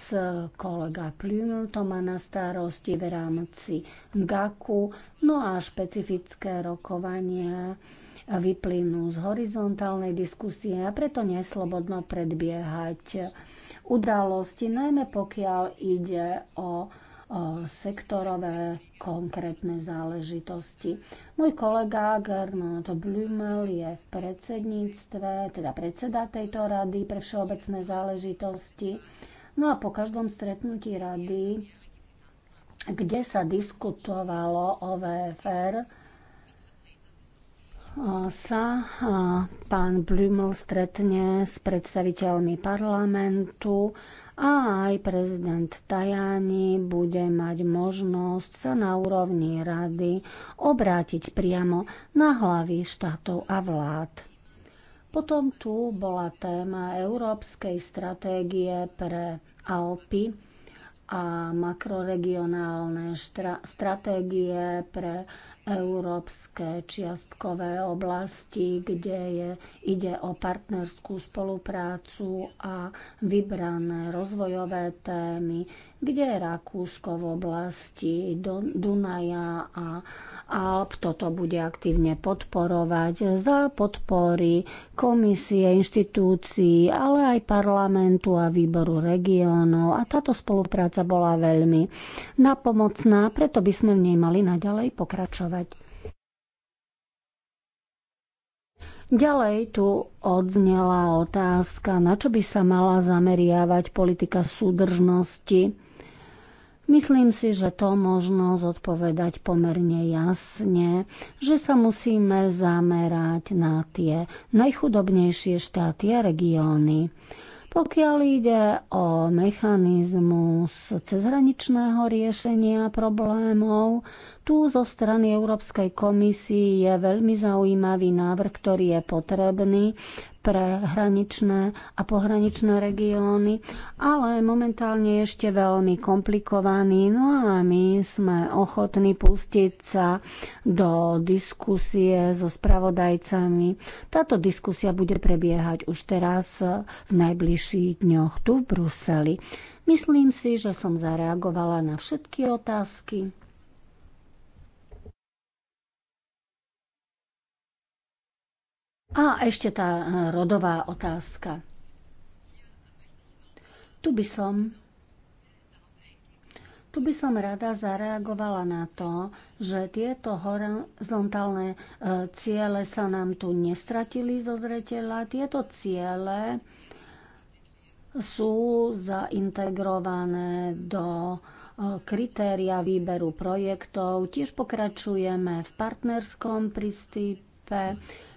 kolega Plynul to má na starosti v rámci GAKu, no a špecifické rokovania vyplynú z horizontálnej diskusie a preto neslobodno predbiehať udalosti, najmä pokiaľ ide o sektorové konkrétne záležitosti. Môj kolega Gernot Blümel je v predsedníctve, teda predseda tejto rady pre všeobecné záležitosti. No a po každom stretnutí rady, kde sa diskutovalo o VFR, sa pán Blümel stretne s predstaviteľmi parlamentu a aj prezident Tajani bude mať možnosť sa na úrovni rady obrátiť priamo na hlavy štátov a vlád. Potom tu bola téma Európskej stratégie pre Alpy a makroregionálne štra- stratégie pre európske čiastkové oblasti, kde je, ide o partnerskú spoluprácu a vybrané rozvojové témy, kde je Rakúsko v oblasti Dunaja a Alp toto bude aktívne podporovať za podpory komisie, inštitúcií, ale aj parlamentu a výboru regiónov. A táto spolupráca bola veľmi napomocná, preto by sme v nej mali naďalej pokračovať. Ďalej tu odznela otázka, na čo by sa mala zameriavať politika súdržnosti. Myslím si, že to možno zodpovedať pomerne jasne, že sa musíme zamerať na tie najchudobnejšie štáty a regióny. Pokiaľ ide o mechanizmus cezhraničného riešenia problémov, tu zo strany Európskej komisie je veľmi zaujímavý návrh, ktorý je potrebný, pre hraničné a pohraničné regióny, ale momentálne ešte veľmi komplikovaný. No a my sme ochotní pustiť sa do diskusie so spravodajcami. Táto diskusia bude prebiehať už teraz v najbližších dňoch tu v Bruseli. Myslím si, že som zareagovala na všetky otázky. A ešte tá eh, rodová otázka. Tu by som tu by som rada zareagovala na to, že tieto horizontálne eh, ciele sa nám tu nestratili zo zreteľa. Tieto ciele sú zaintegrované do eh, kritéria výberu projektov. Tiež pokračujeme v partnerskom prístupe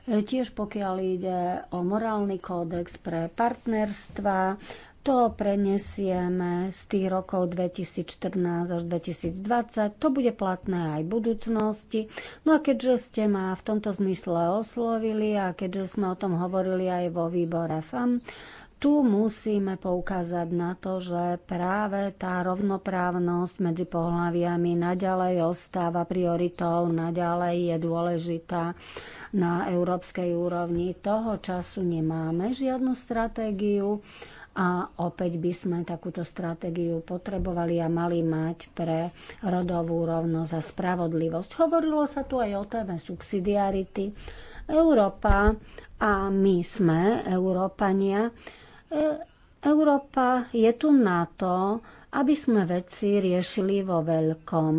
Tiež pokiaľ ide o morálny kódex pre partnerstva, to preniesieme z tých rokov 2014 až 2020. To bude platné aj v budúcnosti. No a keďže ste ma v tomto zmysle oslovili a keďže sme o tom hovorili aj vo výbore FAM, tu musíme poukázať na to, že práve tá rovnoprávnosť medzi pohľaviami naďalej ostáva prioritou, naďalej je dôležitá na európskej úrovni. Toho času nemáme žiadnu stratégiu a opäť by sme takúto stratégiu potrebovali a mali mať pre rodovú rovnosť a spravodlivosť. Hovorilo sa tu aj o téme subsidiarity. Európa a my sme, Európania, E, Európa je tu na to, aby sme veci riešili vo veľkom,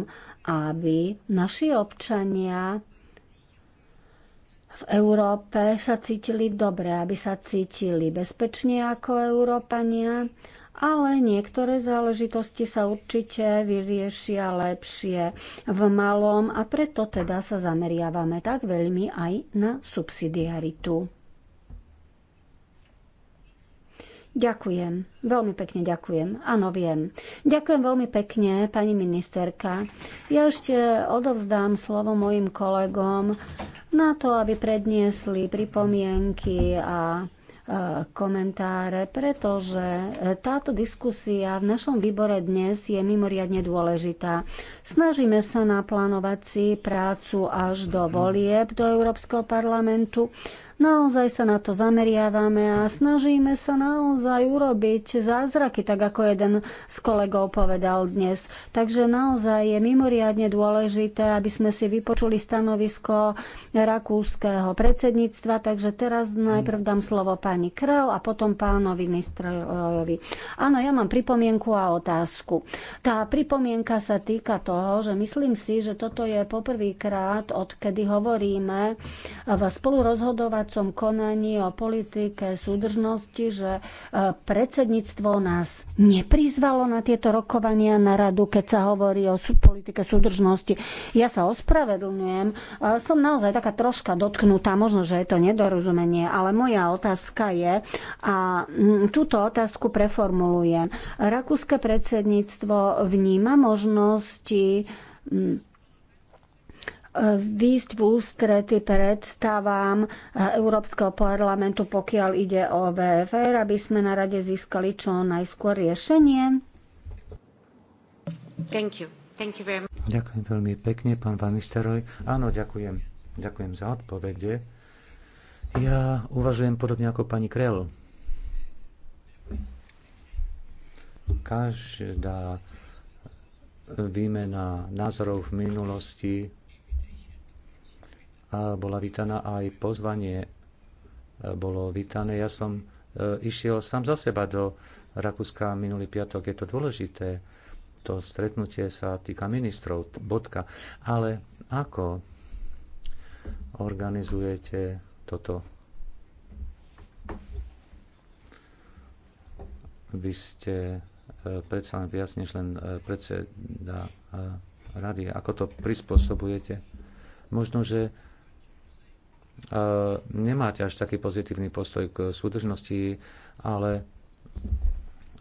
aby naši občania v Európe sa cítili dobre, aby sa cítili bezpečne ako Európania, ale niektoré záležitosti sa určite vyriešia lepšie v malom a preto teda sa zameriavame tak veľmi aj na subsidiaritu. Ďakujem, veľmi pekne ďakujem. Áno, viem. Ďakujem veľmi pekne, pani ministerka. Ja ešte odovzdám slovo mojim kolegom na to, aby predniesli pripomienky a e, komentáre, pretože e, táto diskusia v našom výbore dnes je mimoriadne dôležitá. Snažíme sa naplánovať si prácu až do volieb do Európskeho parlamentu Naozaj sa na to zameriavame a snažíme sa naozaj urobiť zázraky, tak ako jeden z kolegov povedal dnes. Takže naozaj je mimoriadne dôležité, aby sme si vypočuli stanovisko rakúskeho predsedníctva. Takže teraz najprv dám slovo pani Kral a potom pánovi ministrojovi. Áno, ja mám pripomienku a otázku. Tá pripomienka sa týka toho, že myslím si, že toto je poprvýkrát, odkedy hovoríme v spolurozhodovaní rozhodovacom konaní o politike súdržnosti, že e, predsedníctvo nás neprizvalo na tieto rokovania na radu, keď sa hovorí o politike súdržnosti. Ja sa ospravedlňujem. E, som naozaj taká troška dotknutá, možno, že je to nedorozumenie, ale moja otázka je, a túto otázku preformulujem. Rakúske predsedníctvo vníma možnosti výjsť v ústrety predstavám eh, Európskeho parlamentu, pokiaľ ide o VFR, aby sme na rade získali čo najskôr riešenie. Thank you. Thank you very much. Ďakujem veľmi pekne, pán Van Áno, ďakujem. Ďakujem za odpovede. Ja uvažujem podobne ako pani Krell. Každá výmena názorov v minulosti a bola vítaná aj pozvanie e, bolo vítané. Ja som e, išiel sám za seba do Rakúska minulý piatok. Je to dôležité. To stretnutie sa týka ministrov, bodka. Ale ako organizujete toto? Vy ste e, predsa len viac než len predseda rady. Ako to prispôsobujete? Možno, že E, nemáte až taký pozitívny postoj k súdržnosti, ale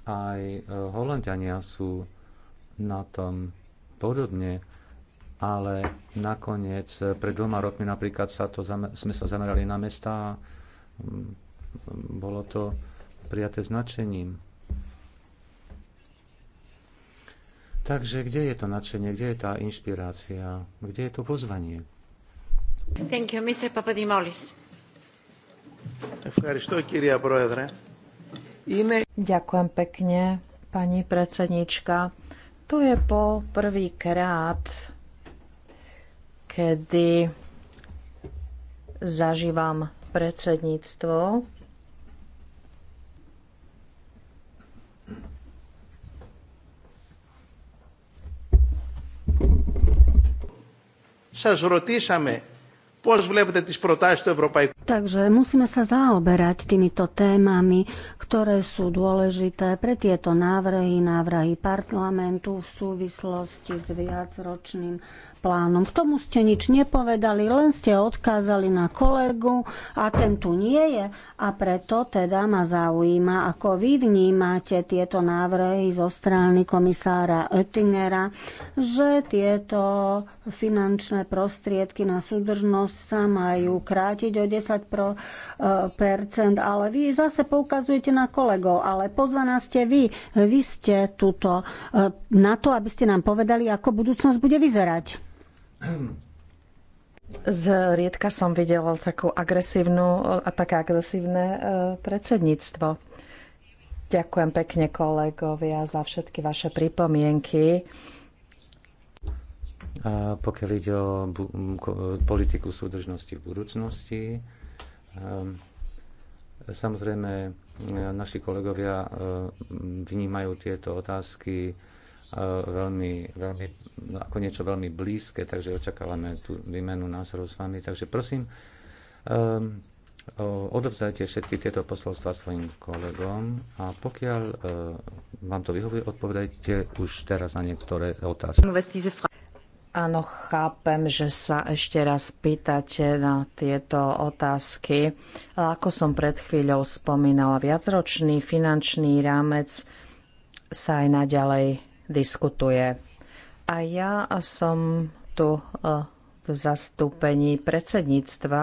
aj e, Holandiania sú na tom podobne, ale nakoniec e, pred dvoma rokmi napríklad sa to, sme sa zamerali na mesta a mm, bolo to prijaté značením. Takže kde je to nadšenie, kde je tá inšpirácia, kde je to pozvanie? Thank you, Mr. Papadimolis. Ďakujem pekne, pani predsednička. To je po prvý krát, kedy zažívam predsedníctvo. Σας ρωτήσαμε Πώς βλέπετε τις προτάσεις του Ευρωπαϊκού. Takže musíme sa zaoberať týmito témami, ktoré sú dôležité pre tieto návrhy, návrhy parlamentu v súvislosti s viacročným plánom. K tomu ste nič nepovedali, len ste odkázali na kolegu a ten tu nie je. A preto teda ma zaujíma, ako vy vnímate tieto návrhy zo strany komisára Oettingera, že tieto finančné prostriedky na súdržnosť sa majú krátiť o 10%, pro, e, percent, ale vy zase poukazujete na kolegov, ale pozvaná ste vy. Vy ste tuto e, na to, aby ste nám povedali, ako budúcnosť bude vyzerať. Zriedka som videla takú agresívnu a také agresívne e, predsedníctvo. Ďakujem pekne kolegovia za všetky vaše pripomienky. A pokiaľ ide o politiku súdržnosti v budúcnosti, e, samozrejme e, naši kolegovia vnímajú tieto otázky E, veľmi, veľmi, no, ako niečo veľmi blízke, takže očakávame tú výmenu názorov s vami. Takže prosím, um, ehm, odovzajte všetky tieto posolstva svojim kolegom a pokiaľ uh, vám to vyhovuje, odpovedajte už teraz na niektoré otázky. Áno, chápem, že sa ešte raz pýtate na tieto otázky. Ako som pred chvíľou spomínala, viacročný finančný rámec sa aj naďalej diskutuje. A ja som tu e, v zastúpení predsedníctva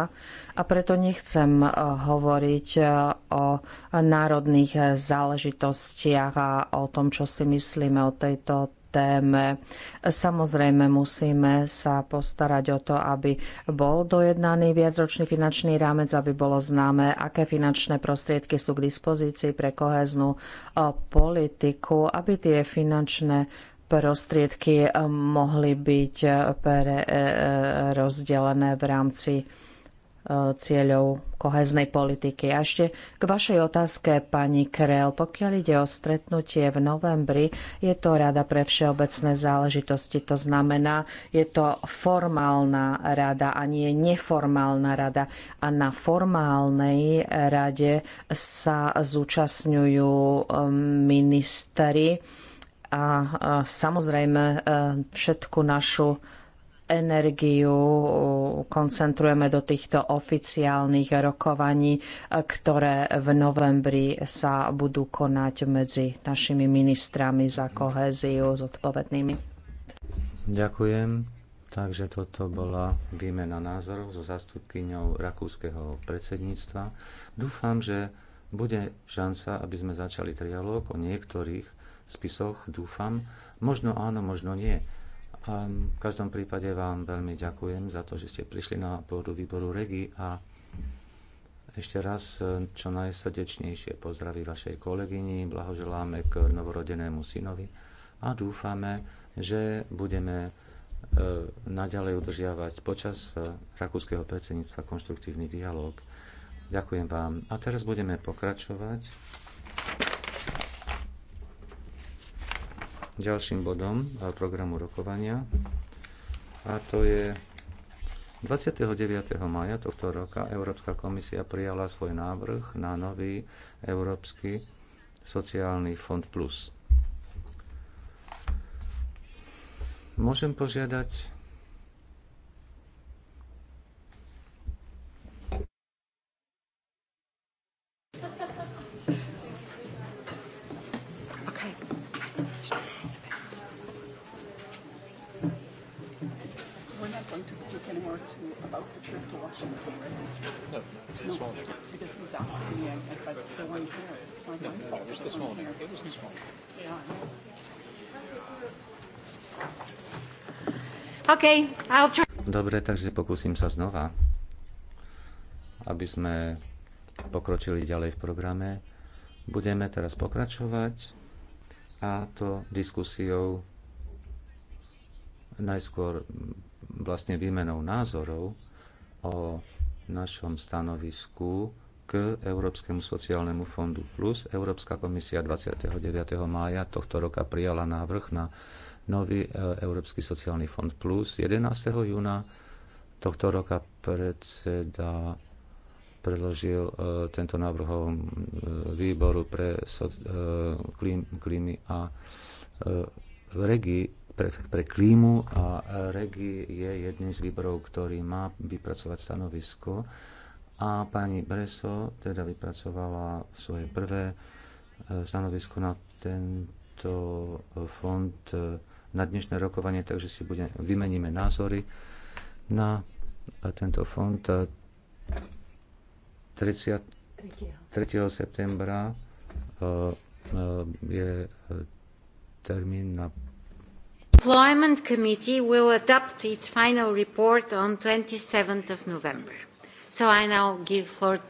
a preto nechcem e, hovoriť e, o národných záležitostiach a o tom, čo si myslíme o tejto téme. Samozrejme musíme sa postarať o to, aby bol dojednaný viacročný finančný rámec, aby bolo známe, aké finančné prostriedky sú k dispozícii pre koheznú e, politiku, aby tie finančné prostriedky e, mohli byť e, rozdelené v rámci cieľov koheznej politiky. A ešte k vašej otázke, pani Krel, pokiaľ ide o stretnutie v novembri, je to rada pre všeobecné záležitosti. To znamená, je to formálna rada a nie neformálna rada. A na formálnej rade sa zúčastňujú um, ministri a samozrejme um, všetku našu energiu koncentrujeme do týchto oficiálnych rokovaní, ktoré v novembri sa budú konať medzi našimi ministrami za kohéziu odpovednými. Ďakujem. Takže toto bola výmena názorov so zastupkyňou rakúskeho predsedníctva. Dúfam, že bude šanca, aby sme začali trialóg o niektorých spisoch, dúfam. Možno áno, možno nie v každom prípade vám veľmi ďakujem za to, že ste prišli na pôdu výboru REGI a ešte raz e, čo najsrdečnejšie pozdraví vašej kolegyni, blahoželáme k novorodenému synovi a dúfame, že budeme e, naďalej udržiavať počas e, rakúskeho predsedníctva konštruktívny dialog. Ďakujem vám. A teraz budeme pokračovať ďalším bodom eh, programu rokovania a to je 29. maja tohto roka Európska komisia prijala svoj návrh na nový Európsky sociálny fond plus. Môžem požiadať about the trip to Washington, right? No, no, this no, morning. Because he's asking me about the one here. It's not no, my fault. No, it was this morning. Here. It was this morning. Yeah. Okay, I'll try. Dobre, takže pokúsim sa znova, aby sme pokročili ďalej v programe. Budeme teraz pokračovať a to diskusiou najskôr vlastne výmenou názorov o našom stanovisku k Európskemu sociálnemu fondu plus. Európska komisia 29. mája tohto roka prijala návrh na nový e, Európsky sociálny fond plus. 11. júna tohto roka predseda predložil e, tento návrh e, výboru pre klímy a regi pre, pre klímu a REGI je jedným z výborov, ktorý má vypracovať stanovisko. A pani Breso teda vypracovala svoje prvé e, stanovisko na tento fond e, na dnešné rokovanie, takže si bude, vymeníme názory na e, tento fond 30, 3. septembra je termín na Employment Committee will adopt its final report on 27th of November. So I now give floor...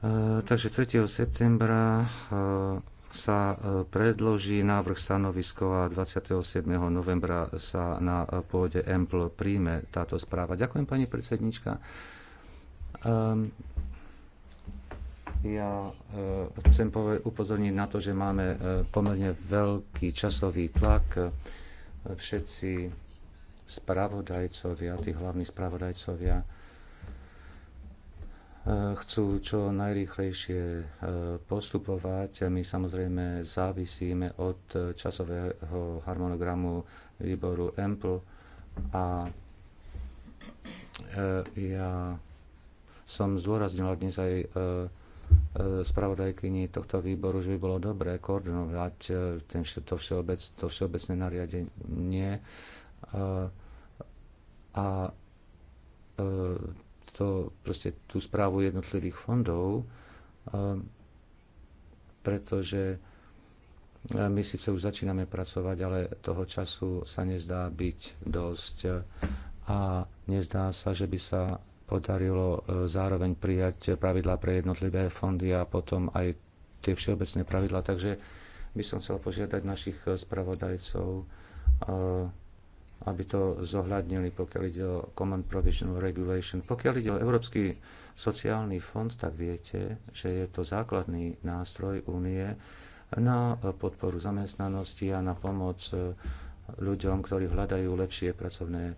Uh, takže 3. septembra uh, sa eh, predloží návrh stanovisko a 27. novembra sa na pôde EMPL príjme táto správa. Ďakujem, pani predsednička. Um, ja uh, chcem upozorniť na to, že máme uh, pomerne veľký časový tlak. Uh, všetci spravodajcovia, tí hlavní spravodajcovia, e, chcú čo najrýchlejšie e, postupovať. My samozrejme závisíme od časového harmonogramu výboru EMPL a e, ja som zdôraznila dnes aj E, spravodajkyni tohto výboru, že by bolo dobré koordinovať e, ten, to, všeobec, to všeobecné nariadenie e, a, a to proste tú správu jednotlivých fondov, pretože my síce už začíname pracovať, ale toho času sa nezdá byť dosť a nezdá sa, že by sa podarilo e, zároveň prijať pravidlá pre jednotlivé fondy a potom aj tie všeobecné pravidlá. Takže by som chcel požiadať našich spravodajcov, e, aby to zohľadnili, pokiaľ ide o Common Provisional Regulation. Pokiaľ ide o Európsky sociálny fond, tak viete, že je to základný nástroj únie na podporu zamestnanosti a na pomoc e, ľuďom, ktorí hľadajú lepšie pracovné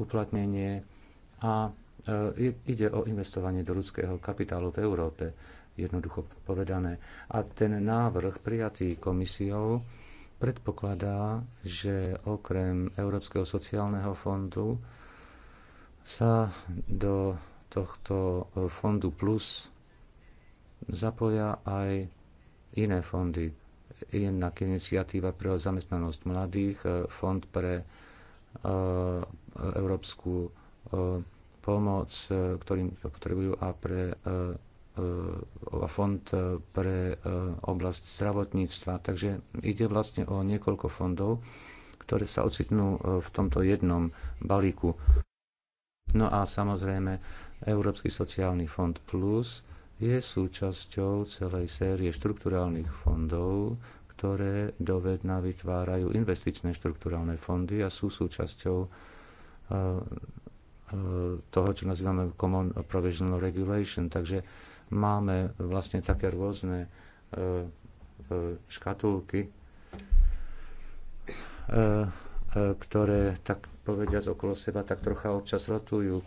uplatnenie a E, ide o investovanie do ľudského kapitálu v Európe, jednoducho povedané. A ten návrh prijatý komisiou predpokladá, že okrem Európskeho sociálneho fondu sa do tohto fondu plus zapoja aj iné fondy. Jednak iniciatíva pre zamestnanosť mladých, e, fond pre e, európsku pomoc, e, ktorým potrebujú a pre e, e, a fond pre oblasť zdravotníctva. Takže ide vlastne o niekoľko fondov, ktoré sa ocitnú v tomto jednom balíku. No a samozrejme Európsky sociálny fond plus je súčasťou celej série štrukturálnych fondov, ktoré dovedna vytvárajú investičné štrukturálne fondy a sú súčasťou Eh, toho, čo nazývame Common Provisional Regulation. Takže máme vlastne také rôzne eh, eh, škatulky, ktoré tak povediať okolo seba tak trocha občas rotujú.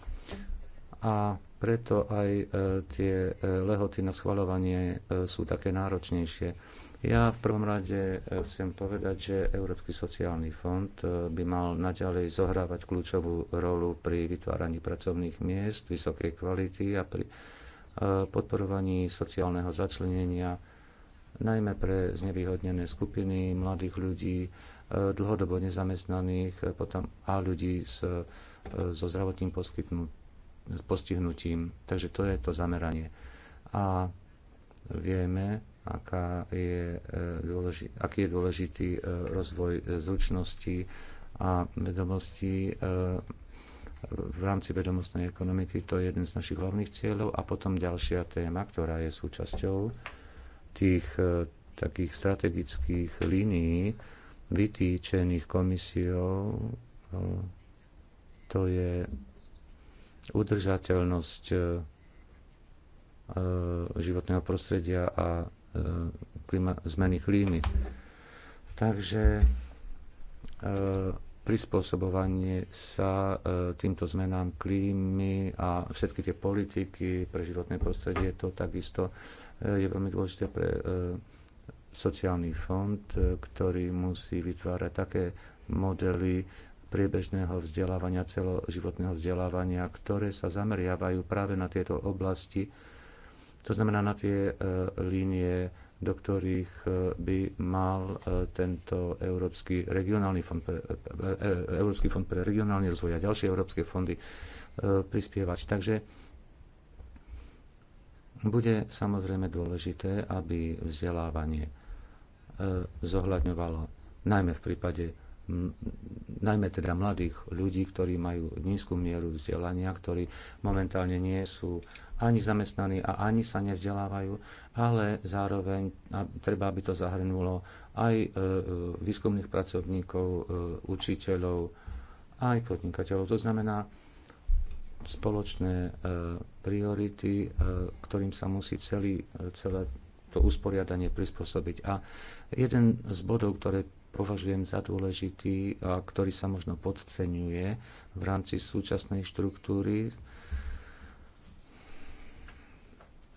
A preto aj tie lehoty na schvaľovanie sú také náročnejšie. Ja v prvom rade e, chcem povedať, že Európsky sociálny fond e, by mal naďalej zohrávať kľúčovú rolu pri vytváraní pracovných miest vysokej kvality a pri e, podporovaní sociálneho začlenenia, najmä pre znevýhodnené skupiny mladých ľudí, dlhodobo nezamestnaných potom a ľudí s, so zdravotným postihnutím. Takže to je to zameranie. A vieme, aká je e, dôležitý, aký je dôležitý e, rozvoj e, zručnosti a vedomostí v rámci vedomostnej ekonomiky. To je jeden z našich hlavných cieľov. A potom ďalšia téma, ktorá je súčasťou tých takých strategických línií vytýčených komisiou, to je udržateľnosť životného prostredia a E, klima, zmeny klímy. Takže e, prispôsobovanie sa e, týmto zmenám klímy a všetky tie politiky pre životné prostredie, to takisto je veľmi dôležité pre sociálny fond, ktorý musí vytvárať také modely priebežného vzdelávania, celoživotného vzdelávania, ktoré sa zameriavajú práve na tieto oblasti, to znamená na tie e, línie, do ktorých e, by mal e, tento Európsky, regionálny fond pre, Európsky fond pre regionálny rozvoj a ďalšie európske fondy prispievať. Takže bude samozrejme dôležité, aby vzdelávanie zohľadňovalo najmä v prípade najmä teda mladých ľudí, ktorí majú nízku mieru vzdelania, ktorí momentálne nie sú ani zamestnaní a ani sa nevzdelávajú, ale zároveň treba, aby to zahrnulo aj e, e, výskumných pracovníkov, e, učiteľov, aj podnikateľov. To znamená spoločné priority, ktorým sa musí celý, celé to usporiadanie prispôsobiť. A jeden z bodov, ktoré považujem za dôležitý a ktorý sa možno podceňuje v rámci súčasnej štruktúry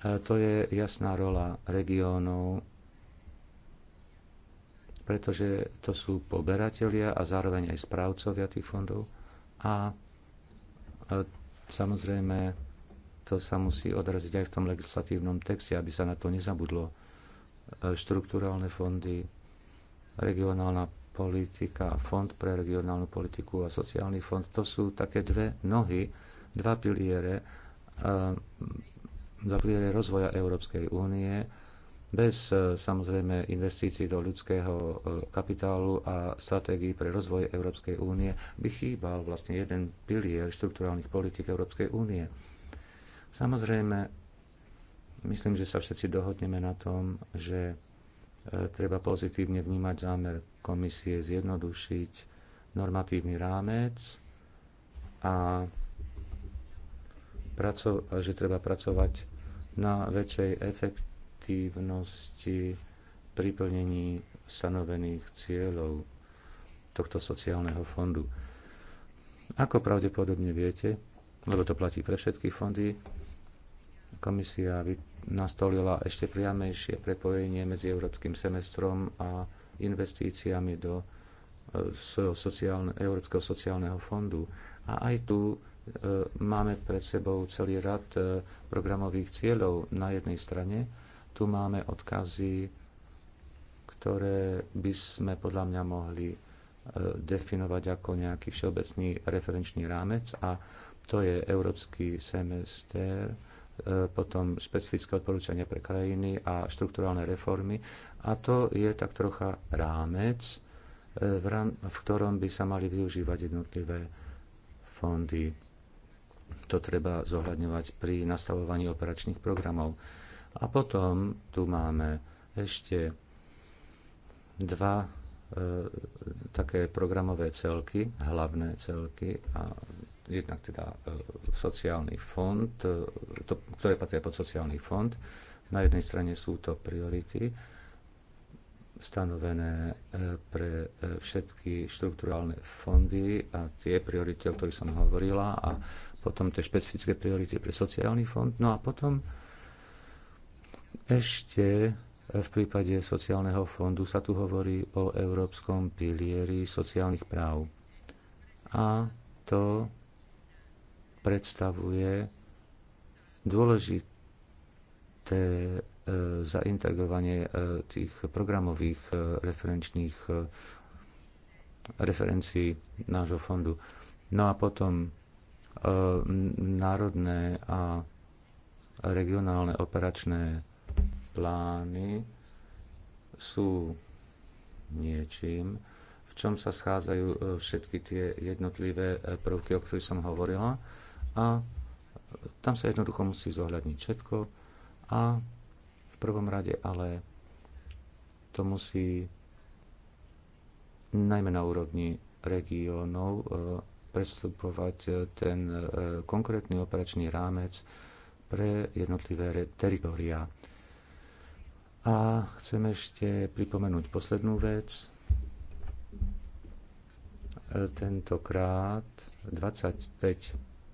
to je jasná rola regiónov, pretože to sú poberatelia a zároveň aj správcovia tých fondov. A samozrejme, to sa musí odraziť aj v tom legislatívnom texte, aby sa na to nezabudlo. E, Štruktúrálne fondy, regionálna politika, fond pre regionálnu politiku a sociálny fond, to sú také dve nohy, dva piliere e, do piliere rozvoja Európskej únie bez e, samozrejme investícií do ľudského e, kapitálu a stratégií pre rozvoj Európskej únie by chýbal vlastne jeden pilier štrukturálnych politik Európskej únie. Samozrejme, myslím, že sa všetci dohodneme na tom, že e, treba pozitívne vnímať zámer komisie zjednodušiť normatívny rámec a že treba pracovať na väčšej efektívnosti pri plnení stanovených cieľov tohto sociálneho fondu. Ako pravdepodobne viete, lebo to platí pre všetky fondy, komisia nastolila ešte priamejšie prepojenie medzi európskym semestrom a investíciami do e, sociálne, Európskeho sociálneho fondu. A aj tu E, máme pred sebou celý rad e, programových cieľov. Na jednej strane tu máme odkazy, ktoré by sme podľa mňa mohli e, definovať ako nejaký všeobecný referenčný rámec a to je európsky semester, potom špecifické odporúčania pre krajiny a štrukturálne reformy. A to je tak trocha rámec, v, ktorom by sa mali využívať jednotlivé fondy. To treba zohľadňovať pri nastavovaní operačných programov. A potom tu máme ešte dva e, také programové celky, hlavné celky a jednak teda e, sociálny fond, e, to, ktoré patria pod sociálny fond. Na jednej strane sú to priority stanovené e, pre e, všetky štruktúrálne fondy a tie priority, o ktorých som hovorila a potom tie špecifické priority pre sociálny fond, no a potom ešte v prípade sociálneho fondu sa tu hovorí o európskom pilieri sociálnych práv. A to predstavuje dôležité e, zaintegrovanie e, tých programových e, referenčných referencií nášho fondu. No a potom národné a regionálne operačné plány sú niečím, v čom sa schádzajú e, všetky tie jednotlivé e, prvky, o ktorých som hovorila. A tam sa jednoducho musí zohľadniť všetko a v prvom rade ale to musí najmä na úrovni regiónov e, predstupovať e, ten e, konkrétny operačný rámec pre jednotlivé teritoria. A chcem ešte pripomenúť poslednú vec. E, tentokrát 25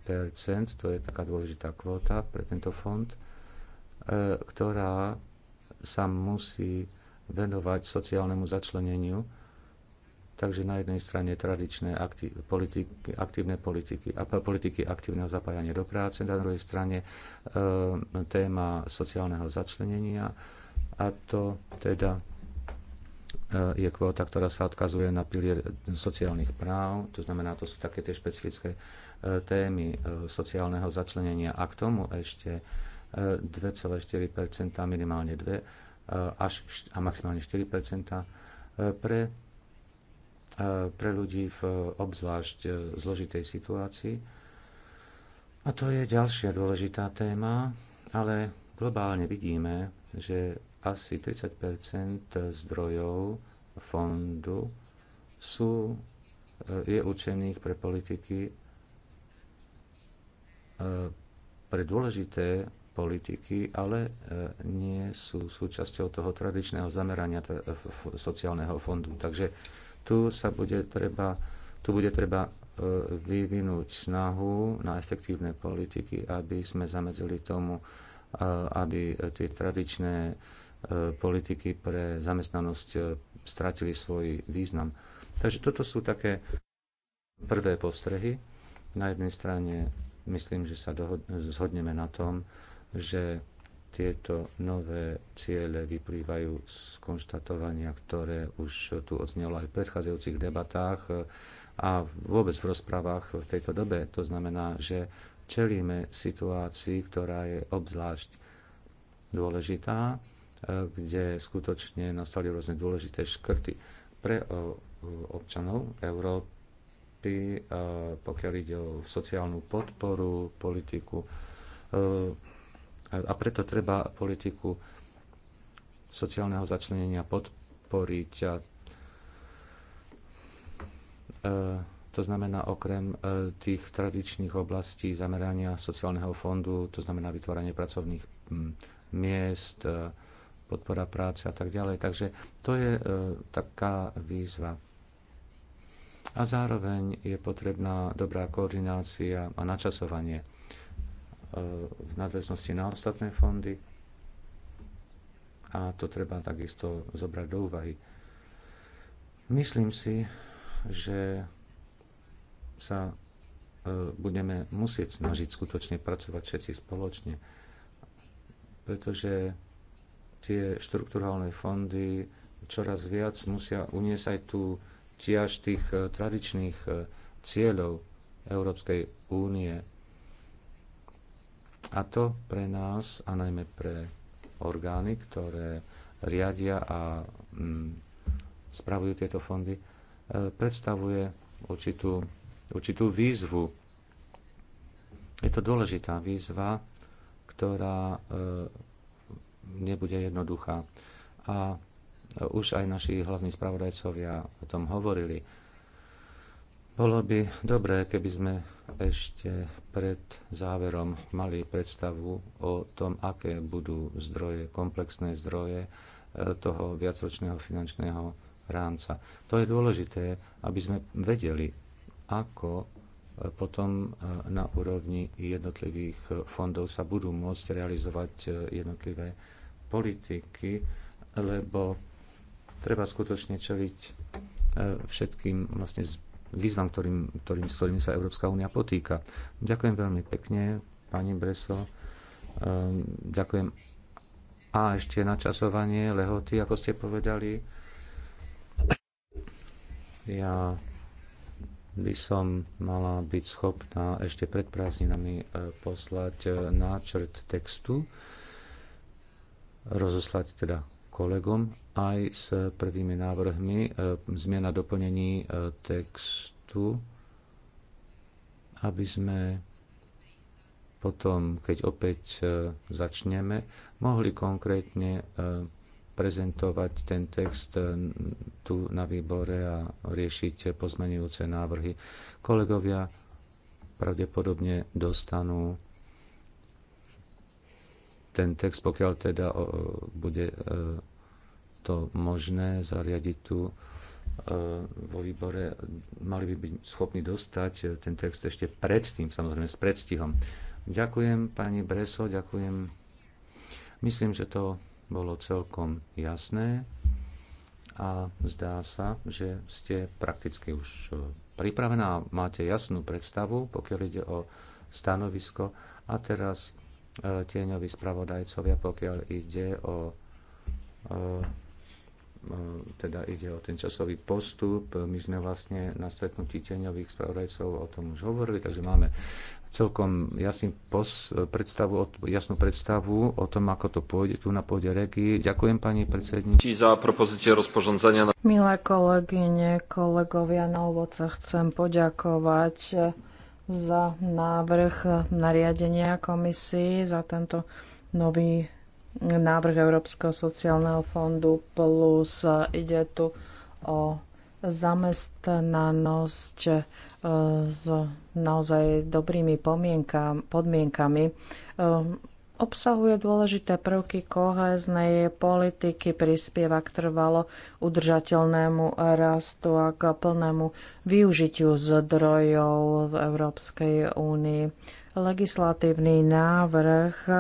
to je taká dôležitá kvóta pre tento fond, ktorá sa musí venovať sociálnemu začleneniu Takže na jednej strane tradičné akti- politiky, aktívne politiky a politiky aktívneho zapájania do práce, na druhej strane e, téma sociálneho začlenenia a to teda e, je kvóta, ktorá sa odkazuje na pilier sociálnych práv, to znamená, to sú také tie špecifické e, témy e, sociálneho začlenenia a k tomu ešte e, 2,4 minimálne 2 e, až a maximálne 4 e, pre pre ľudí v obzvlášť e, zložitej situácii. A to je ďalšia dôležitá téma, ale globálne vidíme, že asi 30 zdrojov fondu sú, e, je určených pre politiky e, pre dôležité politiky, ale e, nie sú súčasťou toho tradičného zamerania e, sociálneho fondu. Takže tu sa bude treba, tu bude treba e, vyvinúť snahu na efektívne politiky, aby sme zamedzili tomu, aby tie tradičné politiky pre zamestnanosť stratili svoj význam. Takže toto sú také prvé postrehy. Na jednej strane myslím, že sa dohod- zhodneme na tom, že tieto nové ciele vyplývajú z konštatovania, ktoré už tu odznelo aj v predchádzajúcich debatách e, a vôbec v rozprávach v tejto dobe. To znamená, že čelíme situácii, ktorá je obzvlášť dôležitá, e, kde skutočne nastali rôzne dôležité škrty pre občanov Európy, e, pokiaľ ide o sociálnu podporu, politiku a preto treba politiku sociálneho začlenenia podporiť. A, e, to znamená okrem e, tých tradičných oblastí zamerania sociálneho fondu, to znamená vytváranie pracovných miest, e, podpora práce a tak ďalej. Takže to je taká výzva. A zároveň je potrebná dobrá koordinácia a načasovanie v nadväznosti na ostatné fondy a to treba takisto zobrať do úvahy. Myslím si, že sa e, budeme musieť snažiť skutočne pracovať všetci spoločne, pretože tie štrukturálne fondy čoraz viac musia uniesť aj tú ťaž tých e, tradičných e, cieľov Európskej únie a to pre nás a najmä pre orgány, ktoré riadia a mm, spravujú tieto fondy, e, predstavuje určitú, určitú výzvu. Je to dôležitá výzva, ktorá e, nebude jednoduchá. A už aj naši hlavní spravodajcovia o tom hovorili bolo by dobré, keby sme ešte pred záverom mali predstavu o tom, aké budú zdroje, komplexné zdroje e, toho viacročného finančného rámca. To je dôležité, aby sme vedeli, ako e, potom e, na úrovni jednotlivých fondov sa budú môcť realizovať jednotlivé politiky, lebo treba skutočne čeliť všetkým vlastne výzvam, ktorým, ktorým, s ktorými sa Európska únia potýka. Ďakujem veľmi pekne, pani Breso. Ehm, ďakujem. A ešte načasovanie lehoty, ako ste povedali. Ja by som mala byť schopná ešte pred prázdninami e, poslať e, náčrt textu, rozoslať teda kolegom aj s prvými návrhmi e, zmiena doplnení e, textu, aby sme potom, keď opäť e, začneme, mohli konkrétne prezentovať ten text tu na výbore a riešiť pozmenujúce návrhy. Kolegovia pravdepodobne dostanú ten text, pokiaľ teda bude to možné zariadiť tu e, vo výbore. Mali by byť schopní dostať e, ten text ešte predtým, samozrejme s predstihom. Ďakujem pani Breso, ďakujem. Myslím, že to bolo celkom jasné a zdá sa, že ste prakticky už e, pripravená, máte jasnú predstavu, pokiaľ ide o stanovisko. A teraz tieňoví spravodajcovia, pokiaľ ide o Ehm, teda ide o ten časový postup. My sme vlastne na stretnutí tieňových spravodajcov o tom už hovorili, takže máme celkom jasný pos, predstavu, jasnú predstavu o tom, ako to pôjde tu na pôde regii. Ďakujem pani predsedničky za propozície rozpožonzania. Milé kolegyne, kolegovia na ovoce, chcem poďakovať za návrh nariadenia komisii, za tento nový návrh Európskeho sociálneho fondu plus ide tu o zamestnanosť e, s naozaj dobrými podmienkami. E, obsahuje dôležité prvky kohéznej politiky, prispieva k trvalo udržateľnému rastu a k plnému využitiu zdrojov v Európskej únii. Legislatívny návrh e,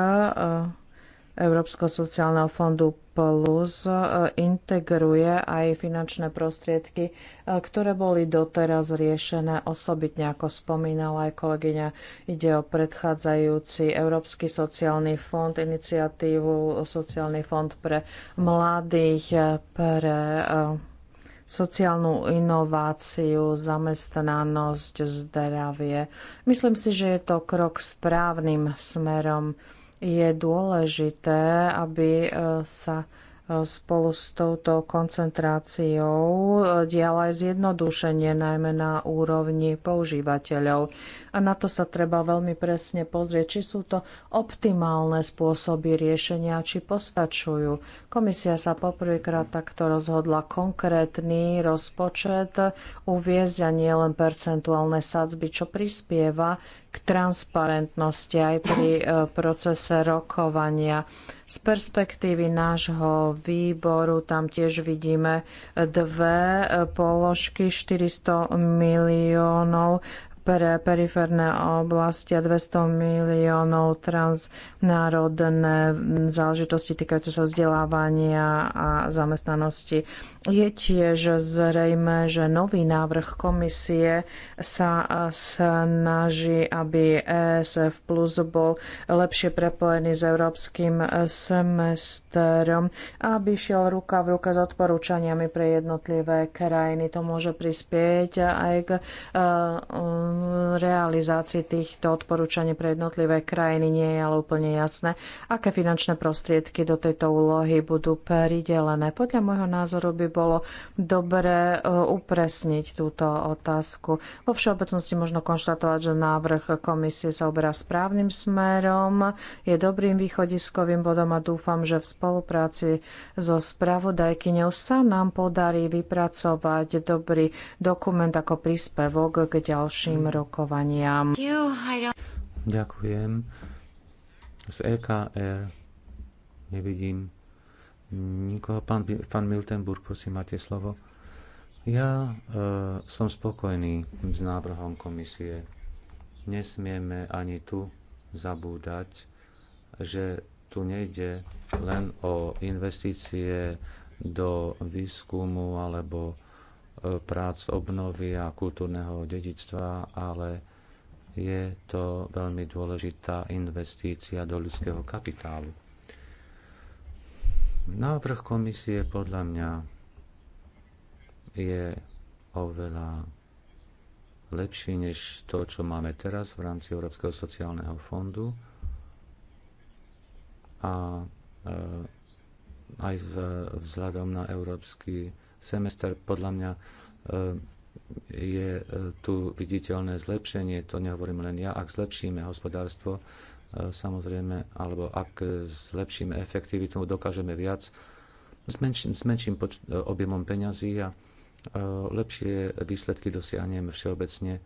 Európskeho sociálneho fondu Plus e, integruje aj finančné prostriedky, e, ktoré boli doteraz riešené osobitne, ako spomínala aj kolegyňa. Ide o predchádzajúci Európsky sociálny fond, iniciatívu Sociálny fond pre mladých, e, pre sociálnu inováciu, zamestnanosť, zdravie. Myslím si, že je to krok správnym smerom je dôležité, aby e, sa spolu s touto koncentráciou eh, diala aj zjednodušenie, najmä na úrovni používateľov. A na to sa treba veľmi presne pozrieť, či sú to optimálne spôsoby riešenia, či postačujú. Komisia sa poprvýkrát takto rozhodla konkrétny rozpočet uviezť a nielen percentuálne sadzby, čo prispieva k transparentnosti aj pri eh, procese rokovania. Z perspektívy nášho výboru tam tiež vidíme dve položky 400 miliónov pre periférne oblasti a 200 miliónov transnárodné záležitosti týkajúce sa vzdelávania a zamestnanosti. Je tiež zrejme, že nový návrh komisie sa snaží, aby ESF Plus bol lepšie prepojený s európskym semestrom, aby šiel ruka v ruka s odporúčaniami pre jednotlivé krajiny. To môže prispieť aj k e, realizácii týchto odporúčaní pre jednotlivé krajiny nie je ale úplne jasné, aké finančné prostriedky do tejto úlohy budú pridelené. Podľa môjho názoru by bolo dobre upresniť túto otázku. Vo všeobecnosti možno konštatovať, že návrh komisie sa oberá správnym smerom, je dobrým východiskovým bodom a dúfam, že v spolupráci so spravodajkyňou sa nám podarí vypracovať dobrý dokument ako príspevok k ďalším rokovaniam. Ďakujem. Z EKR nevidím nikoho. Pán, pán Miltenburg, prosím, máte slovo. Ja e, som spokojný s návrhom komisie. Nesmieme ani tu zabúdať, že tu nejde len o investície do výskumu alebo prác obnovy a kultúrneho dedictva, ale je to veľmi dôležitá investícia do ľudského kapitálu. Návrh komisie podľa mňa je oveľa lepší než to, čo máme teraz v rámci Európskeho sociálneho fondu a e, aj vzhľadom na Európsky semester. Podľa mňa e, je e, tu viditeľné zlepšenie, to nehovorím len ja, ak zlepšíme hospodárstvo, e, samozrejme, alebo ak zlepšíme efektivitu, dokážeme viac s menším, s menším objemom peňazí a lepšie výsledky dosiahneme všeobecne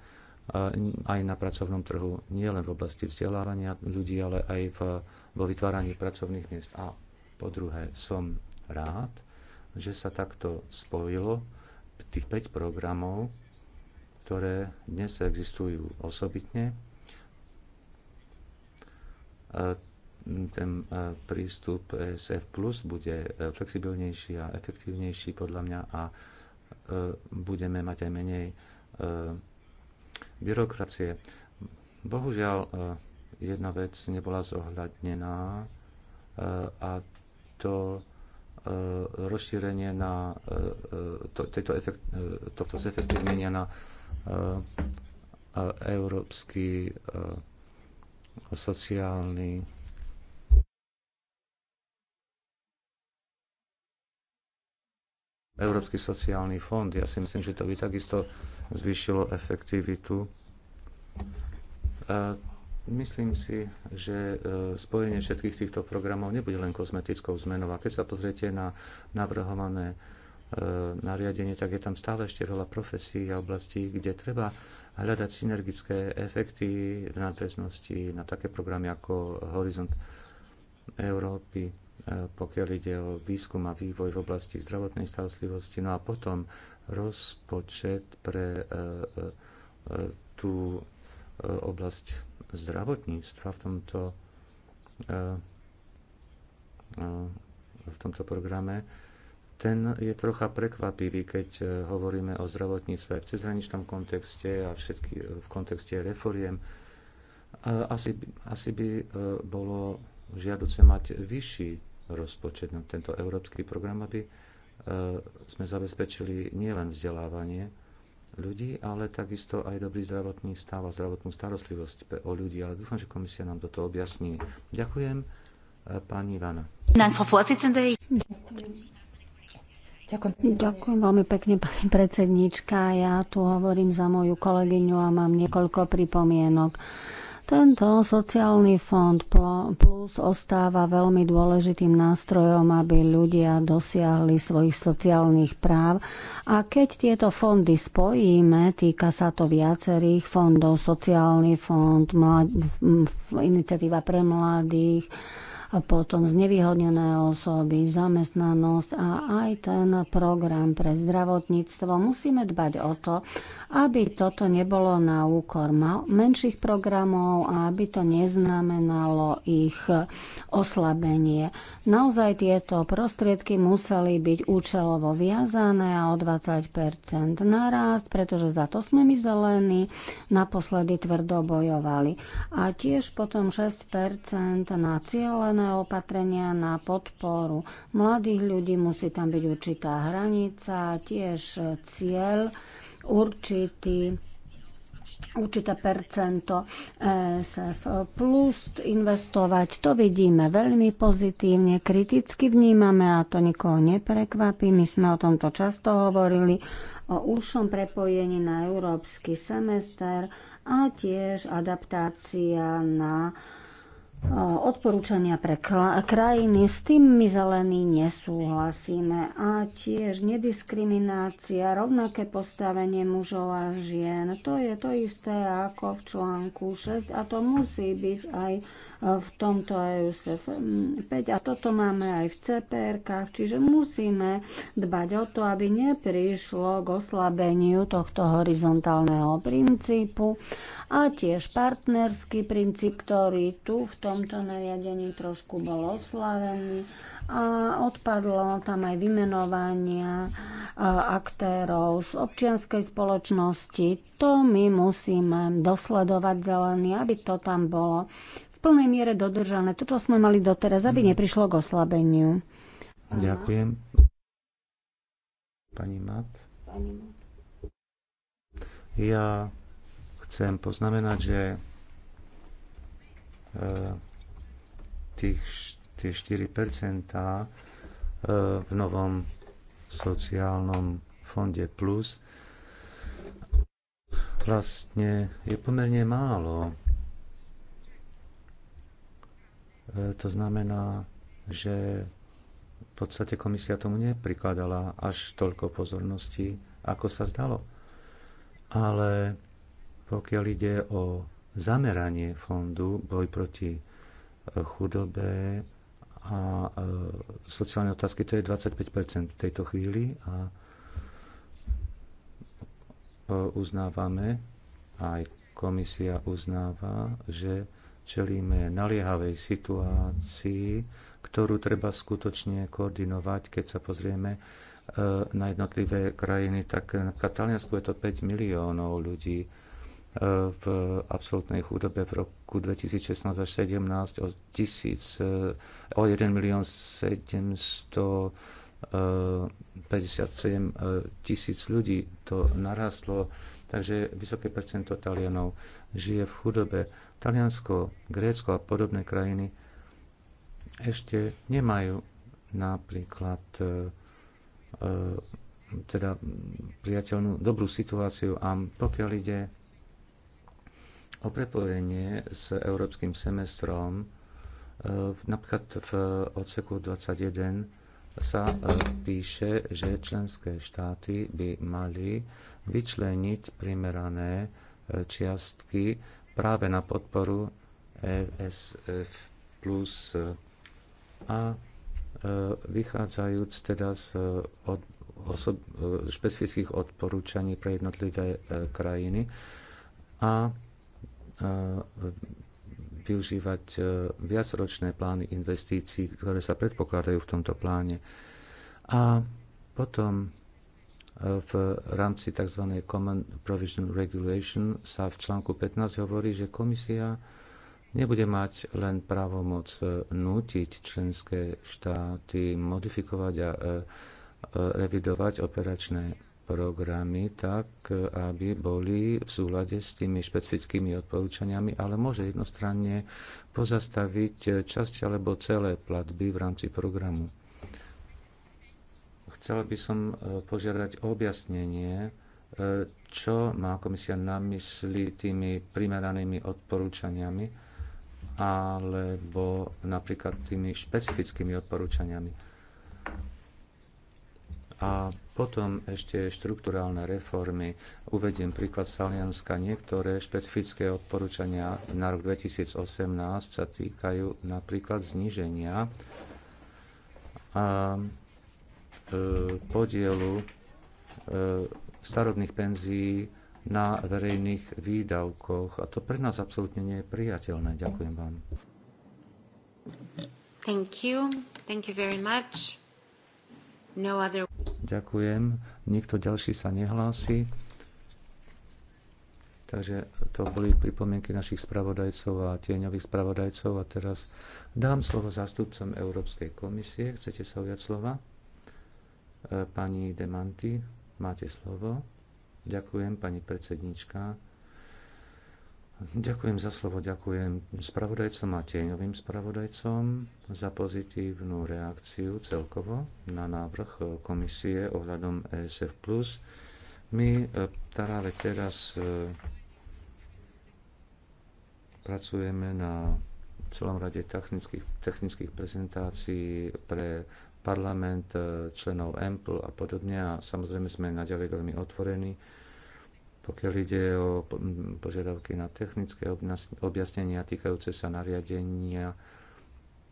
aj na pracovnom trhu, nielen v oblasti vzdelávania ľudí, ale aj v, vo vytváraní pracovných miest. A po druhé, som rád, že sa takto spojilo tých 5 programov, ktoré dnes existujú osobitne. Ten prístup SF Plus bude e, flexibilnejší a efektívnejší podľa mňa a e, budeme mať aj menej e, byrokracie. Bohužiaľ, jedna vec nebola zohľadnená a to E, rozšírenie na e, e, to, tejto efekt, tohto zefektívnenia na európsky sociálny Európsky sociálny fond. Ja si myslím, že to by takisto zvýšilo efektivitu Myslím si, že e, spojenie všetkých týchto programov nebude len kozmetickou zmenou. A keď sa pozriete na navrhované e, nariadenie, tak je tam stále ešte veľa profesí a oblastí, kde treba hľadať synergické efekty v nadväznosti na také programy ako Horizont Európy, e, pokiaľ ide o výskum a vývoj v oblasti zdravotnej starostlivosti. No a potom rozpočet pre tú oblasť zdravotníctva v tomto, eh, eh, v tomto programe, ten je trocha prekvapivý, keď eh, hovoríme o zdravotníctve v cezhraničnom kontexte a všetky, v kontexte reforiem. Asi, asi by bolo žiaduce mať vyšší rozpočet na tento európsky program, aby sme zabezpečili nielen vzdelávanie, ľudí, ale takisto aj dobrý zdravotný stav a zdravotnú starostlivosť o ľudí. Ale dúfam, že komisia nám toto objasní. Ďakujem, e, pani Ivana. Ďakujem. Ďakujem veľmi pekne, pani predsednička. Ja tu hovorím za moju kolegyňu a mám niekoľko pripomienok. Tento sociálny fond plus ostáva veľmi dôležitým nástrojom, aby ľudia dosiahli svojich sociálnych práv. A keď tieto fondy spojíme, týka sa to viacerých fondov, sociálny fond, mlad, iniciatíva pre mladých, potom znevýhodnené osoby, zamestnanosť a aj ten program pre zdravotníctvo. Musíme dbať o to, aby toto nebolo na úkor menších programov a aby to neznamenalo ich oslabenie. Naozaj tieto prostriedky museli byť účelovo viazané a o 20% narast, pretože za to sme my zelení naposledy tvrdo bojovali. A tiež potom 6% na cieľené rôzne opatrenia na podporu mladých ľudí, musí tam byť určitá hranica, tiež cieľ určitý určité percento ESF eh, plus investovať. To vidíme veľmi pozitívne, kriticky vnímame a to nikoho neprekvapí. My sme o tomto často hovorili, o úžšom prepojení na európsky semester a tiež adaptácia na Eh, odporúčania pre krajiny, s tým my zelení nesúhlasíme. A tiež nediskriminácia, rovnaké postavenie mužov a žien, to je to isté ako v článku 6 a to musí byť aj eh, v tomto EUSF 5 a toto máme aj v cpr čiže musíme dbať o to, aby neprišlo k oslabeniu tohto horizontálneho princípu a tiež partnerský princíp, ktorý tu v tom tomto nariadení trošku bol oslavený a odpadlo tam aj vymenovania aktérov z občianskej spoločnosti. To my musíme dosledovať zelený, aby to tam bolo v plnej miere dodržané. To, čo sme mali doteraz, aby mhm. neprišlo k oslabeniu. Ďakujem. Pani Mat. Pani Mat. Ja chcem poznamenať, že E, tých, tie 4 e, v novom sociálnom fonde plus vlastne je pomerne málo. E, to znamená, že v podstate komisia tomu neprikladala až toľko pozornosti, ako sa zdalo. Ale pokiaľ ide o zameranie fondu boj proti e, chudobe a e, sociálne otázky, to je 25 v tejto chvíli a e, uznávame, aj komisia uznáva, že čelíme naliehavej situácii, ktorú treba skutočne koordinovať, keď sa pozrieme na jednotlivé krajiny, tak napríklad v Taliansku je to 5 miliónov ľudí, v absolútnej chudobe v roku 2016 až 2017 o, o 1 milión 757 eh, eh, tisíc ľudí to narastlo, takže vysoké percento Talianov žije v chudobe. Taliansko, Grécko a podobné krajiny ešte nemajú napríklad eh, teda priateľnú dobrú situáciu a pokiaľ ide o prepojenie s európskym semestrom. E, napríklad v odseku 21 sa e, píše, že členské štáty by mali vyčleniť primerané e, čiastky práve na podporu ESF plus a vychádzajúc teda z od, osob, špecifických odporúčaní pre jednotlivé krajiny a využívať e, viacročné plány investícií, ktoré sa predpokladajú v tomto pláne. A potom e, v rámci tzv. Common Provision Regulation sa v článku 15 hovorí, že komisia nebude mať len právomoc e, nútiť členské štáty modifikovať a revidovať operačné programy tak, aby boli v súlade s tými špecifickými odporúčaniami, ale môže jednostranne pozastaviť časť alebo celé platby v rámci programu. Chcela by som e, požiadať o objasnenie, e, čo má komisia na mysli tými primeranými odporúčaniami alebo napríklad tými špecifickými odporúčaniami. A potom ešte štruktúrálne reformy. Uvediem príklad z Talianska. Niektoré špecifické odporúčania na rok 2018 sa týkajú napríklad zníženia a e, podielu e, starobných penzií na verejných výdavkoch. A to pre nás absolútne nie je priateľné. Ďakujem vám. Thank you. Thank you very much. No other... Ďakujem. Nikto ďalší sa nehlási. Takže to boli pripomienky našich spravodajcov a tieňových spravodajcov. A teraz dám slovo zástupcom Európskej komisie. Chcete sa ujať slova? E, pani Demanti, máte slovo. Ďakujem, pani predsednička. Ďakujem za slovo, ďakujem spravodajcom a tieňovým spravodajcom za pozitívnu reakciu celkovo na návrh komisie ohľadom ESF+. My práve e, teraz e, pracujeme na celom rade technických, technických prezentácií pre parlament, e, členov EMPL a podobne a samozrejme sme naďalej veľmi otvorení pokiaľ ide o požiadavky na technické objasnenia týkajúce sa nariadenia,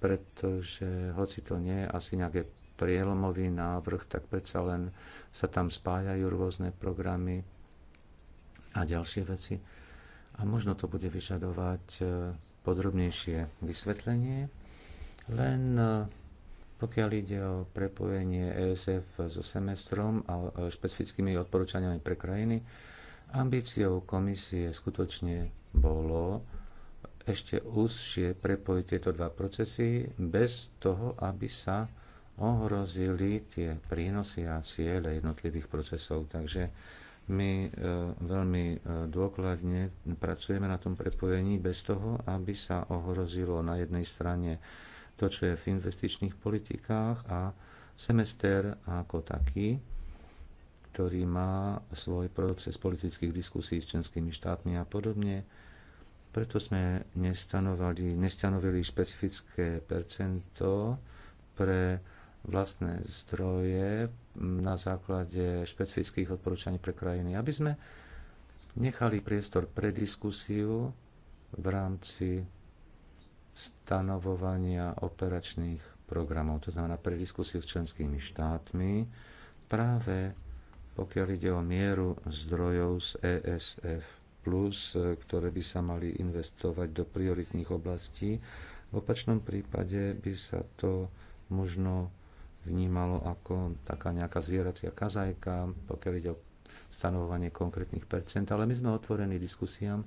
pretože hoci to nie je asi nejaké prielomový návrh, tak predsa len sa tam spájajú rôzne programy a ďalšie veci. A možno to bude vyžadovať e, podrobnejšie vysvetlenie. Len e, pokiaľ ide o prepojenie ESF so semestrom a e, špecifickými odporúčaniami pre krajiny, Ambíciou komisie skutočne bolo ešte úzšie prepojiť tieto dva procesy bez toho, aby sa ohrozili tie prínosy a ciele jednotlivých procesov. Takže my e, veľmi e, dôkladne pracujeme na tom prepojení bez toho, aby sa ohrozilo na jednej strane to, čo je v investičných politikách a semester ako taký, ktorý má svoj proces politických diskusí s členskými štátmi a podobne. Preto sme nestanovali, nestanovili špecifické percento pre vlastné zdroje na základe špecifických odporúčaní pre krajiny, aby sme nechali priestor pre diskusiu v rámci stanovovania operačných programov, to znamená pre diskusiu s členskými štátmi, práve pokiaľ ide o mieru zdrojov z ESF+, e, ktoré by sa mali investovať do prioritných oblastí. V opačnom prípade by sa to možno vnímalo ako taká nejaká zvieracia kazajka, pokiaľ ide o stanovovanie konkrétnych percent, ale my sme otvorení diskusiám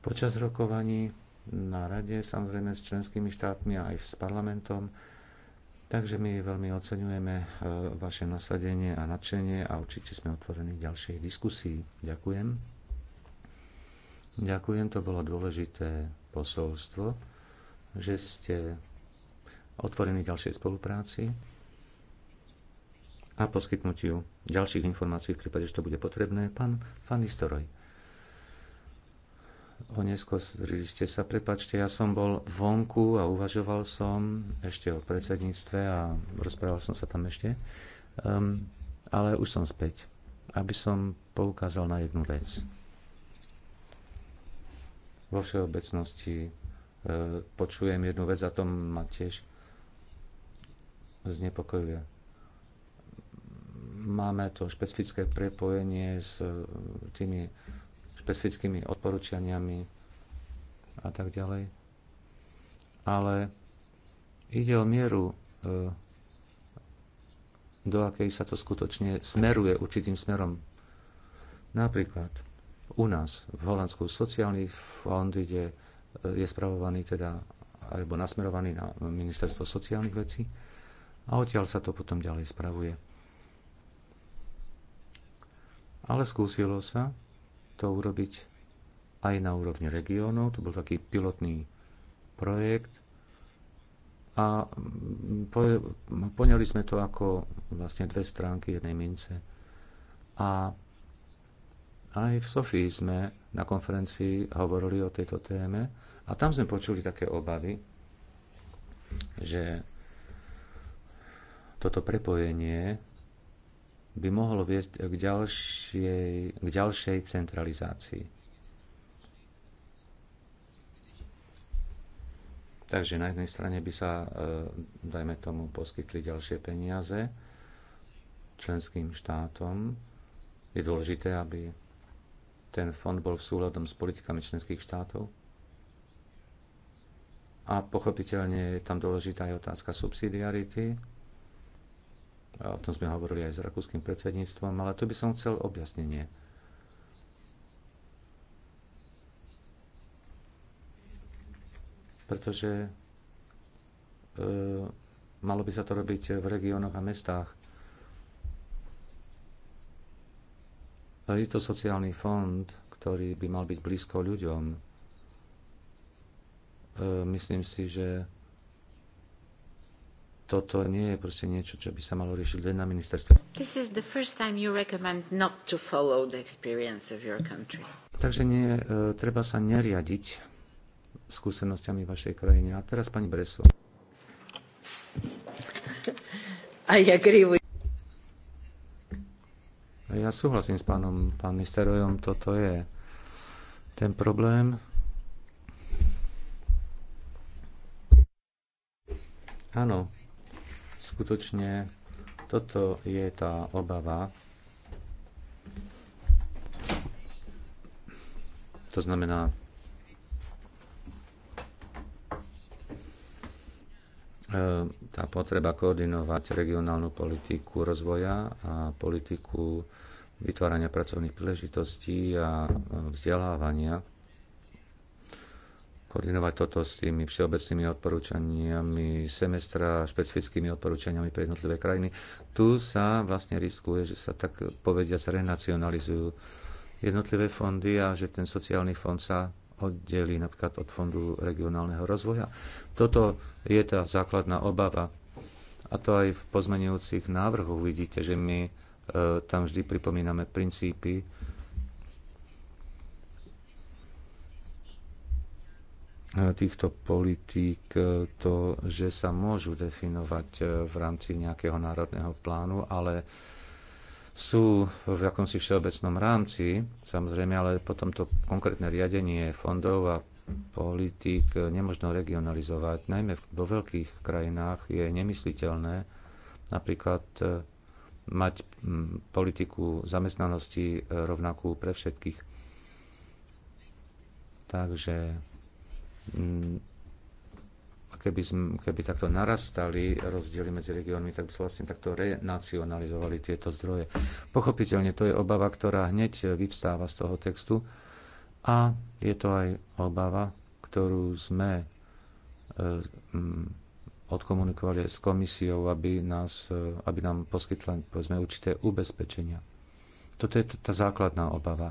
počas rokovaní na rade, samozrejme s členskými štátmi a aj s parlamentom Takže my veľmi oceňujeme e, vaše nasadenie a nadšenie a určite sme otvorení ďalšej diskusii. Ďakujem. Ďakujem, to bolo dôležité posolstvo, že ste otvorení ďalšej spolupráci a poskytnutiu ďalších informácií v prípade, že to bude potrebné. Pán Fanny Storoj. Oneskorili ste sa, prepačte, ja som bol vonku a uvažoval som ešte o predsedníctve a rozprával som sa tam ešte. Um, ale už som späť, aby som poukázal na jednu vec. Vo všeobecnosti uh, počujem jednu vec a to ma tiež znepokojuje. Máme to špecifické prepojenie s e, tými špecifickými odporúčaniami a tak ďalej. Ale ide o mieru, e, do akej sa to skutočne smeruje určitým smerom. Napríklad u nás v Holandsku sociálny fond ide, e, je spravovaný teda alebo nasmerovaný na ministerstvo sociálnych vecí a odtiaľ sa to potom ďalej spravuje. Ale skúsilo sa to urobiť aj na úrovni regiónov. To bol taký pilotný projekt a poňali sme to ako vlastne dve stránky jednej mince. A aj v Sofii sme na konferencii hovorili o tejto téme a tam sme počuli také obavy, že toto prepojenie by mohlo viesť k ďalšej, k ďalšej centralizácii. Takže na jednej strane by sa, e, dajme tomu, poskytli ďalšie peniaze členským štátom. Je dôležité, aby ten fond bol v súladom s politikami členských štátov. A pochopiteľne je tam dôležitá aj otázka subsidiarity a o tom sme hovorili aj s rakúskym predsedníctvom, ale to by som chcel objasnenie. Pretože e, malo by sa to robiť v regiónoch a mestách. Je to sociálny fond, ktorý by mal byť blízko ľuďom. E, myslím si, že toto nie je proste niečo, čo by sa malo riešiť len na ministerstve. This is the first time you recommend not to follow the experience of your country. Takže nie, e, treba sa neriadiť skúsenosťami vašej krajiny. A teraz pani Breso. [LAUGHS] I agree with ja súhlasím s pánom pán ministerojom, toto je ten problém. Áno, Skutočne toto je tá obava. To znamená, e, tá potreba koordinovať regionálnu politiku rozvoja a politiku vytvárania pracovných príležitostí a e, vzdelávania koordinovať toto s tými všeobecnými odporúčaniami semestra, špecifickými odporúčaniami pre jednotlivé krajiny. Tu sa vlastne riskuje, že sa tak povedia renacionalizujú jednotlivé fondy a že ten sociálny fond sa oddelí napríklad od Fondu regionálneho rozvoja. Toto je tá základná obava. A to aj v pozmenujúcich návrhoch vidíte, že my e, tam vždy pripomíname princípy, týchto politík e, to, že sa môžu definovať e, v rámci nejakého národného plánu, ale sú v akomsi všeobecnom rámci, samozrejme, ale potom to konkrétne riadenie fondov a politík e, nemožno regionalizovať. Najmä vo veľkých krajinách je nemysliteľné napríklad mať politiku zamestnanosti rovnakú pre všetkých. Takže Mm, keby, keby takto narastali rozdiely medzi regiónmi, tak by sa vlastne takto renacionalizovali tieto zdroje. Pochopiteľne to je obava, ktorá hneď vyvstáva z toho textu a je to aj obava, ktorú sme e, mm, odkomunikovali s komisiou, aby, nás, e, aby nám poskytla povedzme, určité ubezpečenia. Toto je tá základná obava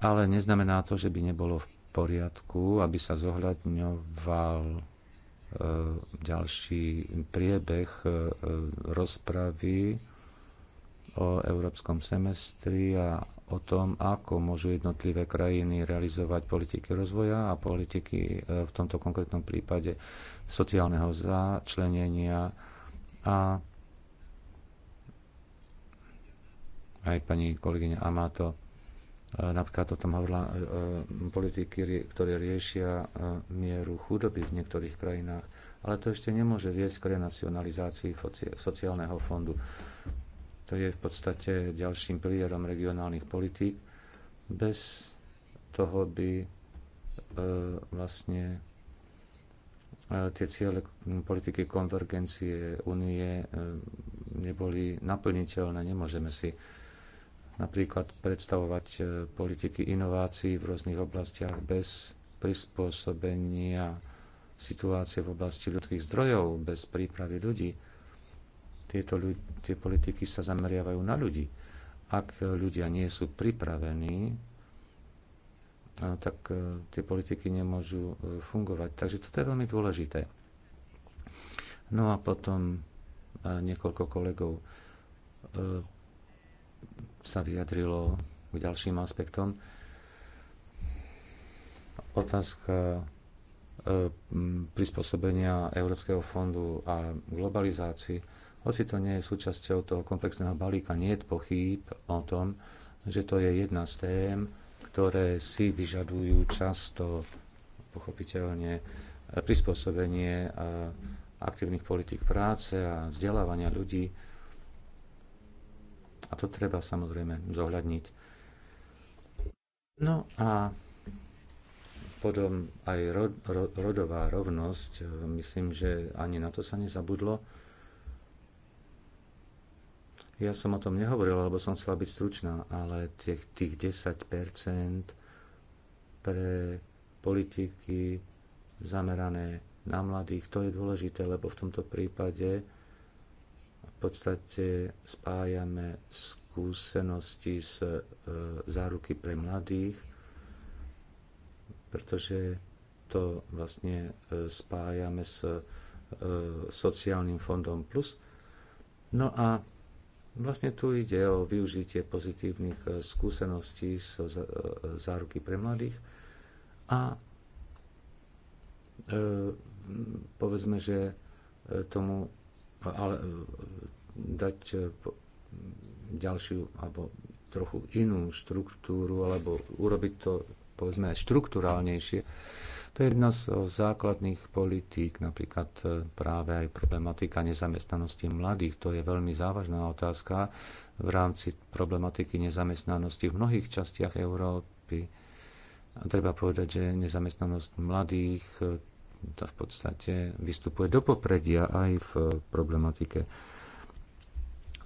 ale neznamená to, že by nebolo v poriadku, aby sa zohľadňoval e, ďalší priebeh e, rozpravy o európskom semestri a o tom, ako môžu jednotlivé krajiny realizovať politiky rozvoja a politiky e, v tomto konkrétnom prípade sociálneho začlenenia. A aj pani kolegyňa Amato E, napríklad o tom hovorila e, e, politiky, ktoré riešia mieru chudoby v niektorých krajinách, ale to ešte nemôže viesť k renacionalizácii sociálneho fondu. To je v podstate ďalším pilierom regionálnych politík. Bez toho by vlastne tie ciele politiky konvergencie únie neboli naplniteľné. Nemôžeme si napríklad predstavovať e, politiky inovácií v rôznych oblastiach bez prispôsobenia situácie v oblasti ľudských zdrojov, bez prípravy ľudí. Tieto ľud- tie politiky sa zameriavajú na ľudí. Ak ľudia nie sú pripravení, e, tak e, tie politiky nemôžu fungovať. Takže toto je veľmi dôležité. No a potom niekoľko kolegov sa vyjadrilo k ďalším aspektom. Otázka e, prispôsobenia Európskeho fondu a globalizácii. Hoci to nie je súčasťou toho komplexného balíka, nie je pochýb o tom, že to je jedna z tém, ktoré si vyžadujú často, pochopiteľne, prispôsobenie e, aktívnych politik práce a vzdelávania ľudí a to treba samozrejme zohľadniť. No a potom aj ro, ro, rodová rovnosť, e, myslím, že ani na to sa nezabudlo. Ja som o tom nehovoril, lebo som chcela byť stručná, ale tých, tých 10% pre politiky zamerané na mladých, to je dôležité, lebo v tomto prípade v podstate spájame skúsenosti z e, záruky pre mladých, pretože to vlastne e, spájame s e, sociálnym fondom plus. No a vlastne tu ide o využitie pozitívnych e, skúseností z e, záruky pre mladých a e, povedzme, že tomu ale e, dať e, ďalšiu alebo trochu inú štruktúru alebo urobiť to povedzme aj štruktúrálnejšie. To je jedna z e, základných politík, napríklad práve aj problematika nezamestnanosti mladých. To je veľmi závažná otázka v rámci problematiky nezamestnanosti v mnohých častiach Európy. Treba povedať, že nezamestnanosť mladých to v podstate vystupuje do popredia aj v problematike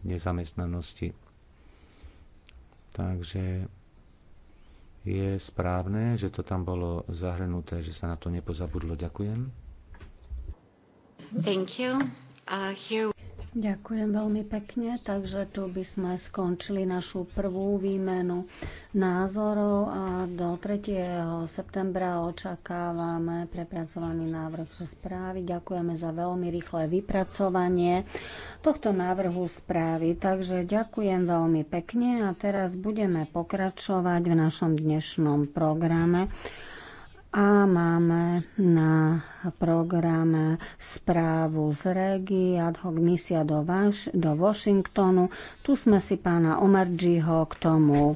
nezamestnanosti. Takže je správne, že to tam bolo zahrnuté, že sa na to nepozabudlo. Ďakujem. Thank you. Uh, here... Ďakujem veľmi pekne, takže tu by sme skončili našu prvú výmenu názorov a do 3. septembra očakávame prepracovaný návrh správy. Ďakujeme za veľmi rýchle vypracovanie tohto návrhu správy. Takže ďakujem veľmi pekne a teraz budeme pokračovať v našom dnešnom programe a máme na programe správu z Regi ad hoc misia do, Vaš- do Washingtonu. Tu sme si pána Omergiho k tomu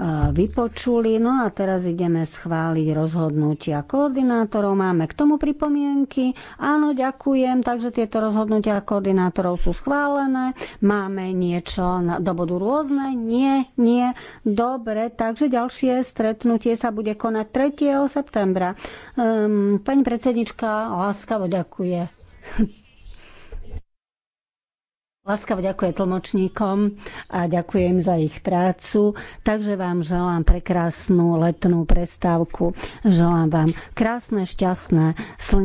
E, vypočuli. No a teraz ideme schváliť rozhodnutia koordinátorov. Máme k tomu pripomienky. Áno, ďakujem. Takže tieto rozhodnutia koordinátorov sú schválené. Máme niečo na, do bodu rôzne? Nie, nie. Dobre, takže ďalšie stretnutie sa bude konať 3. septembra. Um, pani predsednička láskavo ďakuje. [LAUGHS] Láskavo ďakujem tlmočníkom a ďakujem za ich prácu. Takže vám želám prekrásnu letnú prestávku. Želám vám krásne, šťastné, slnečné.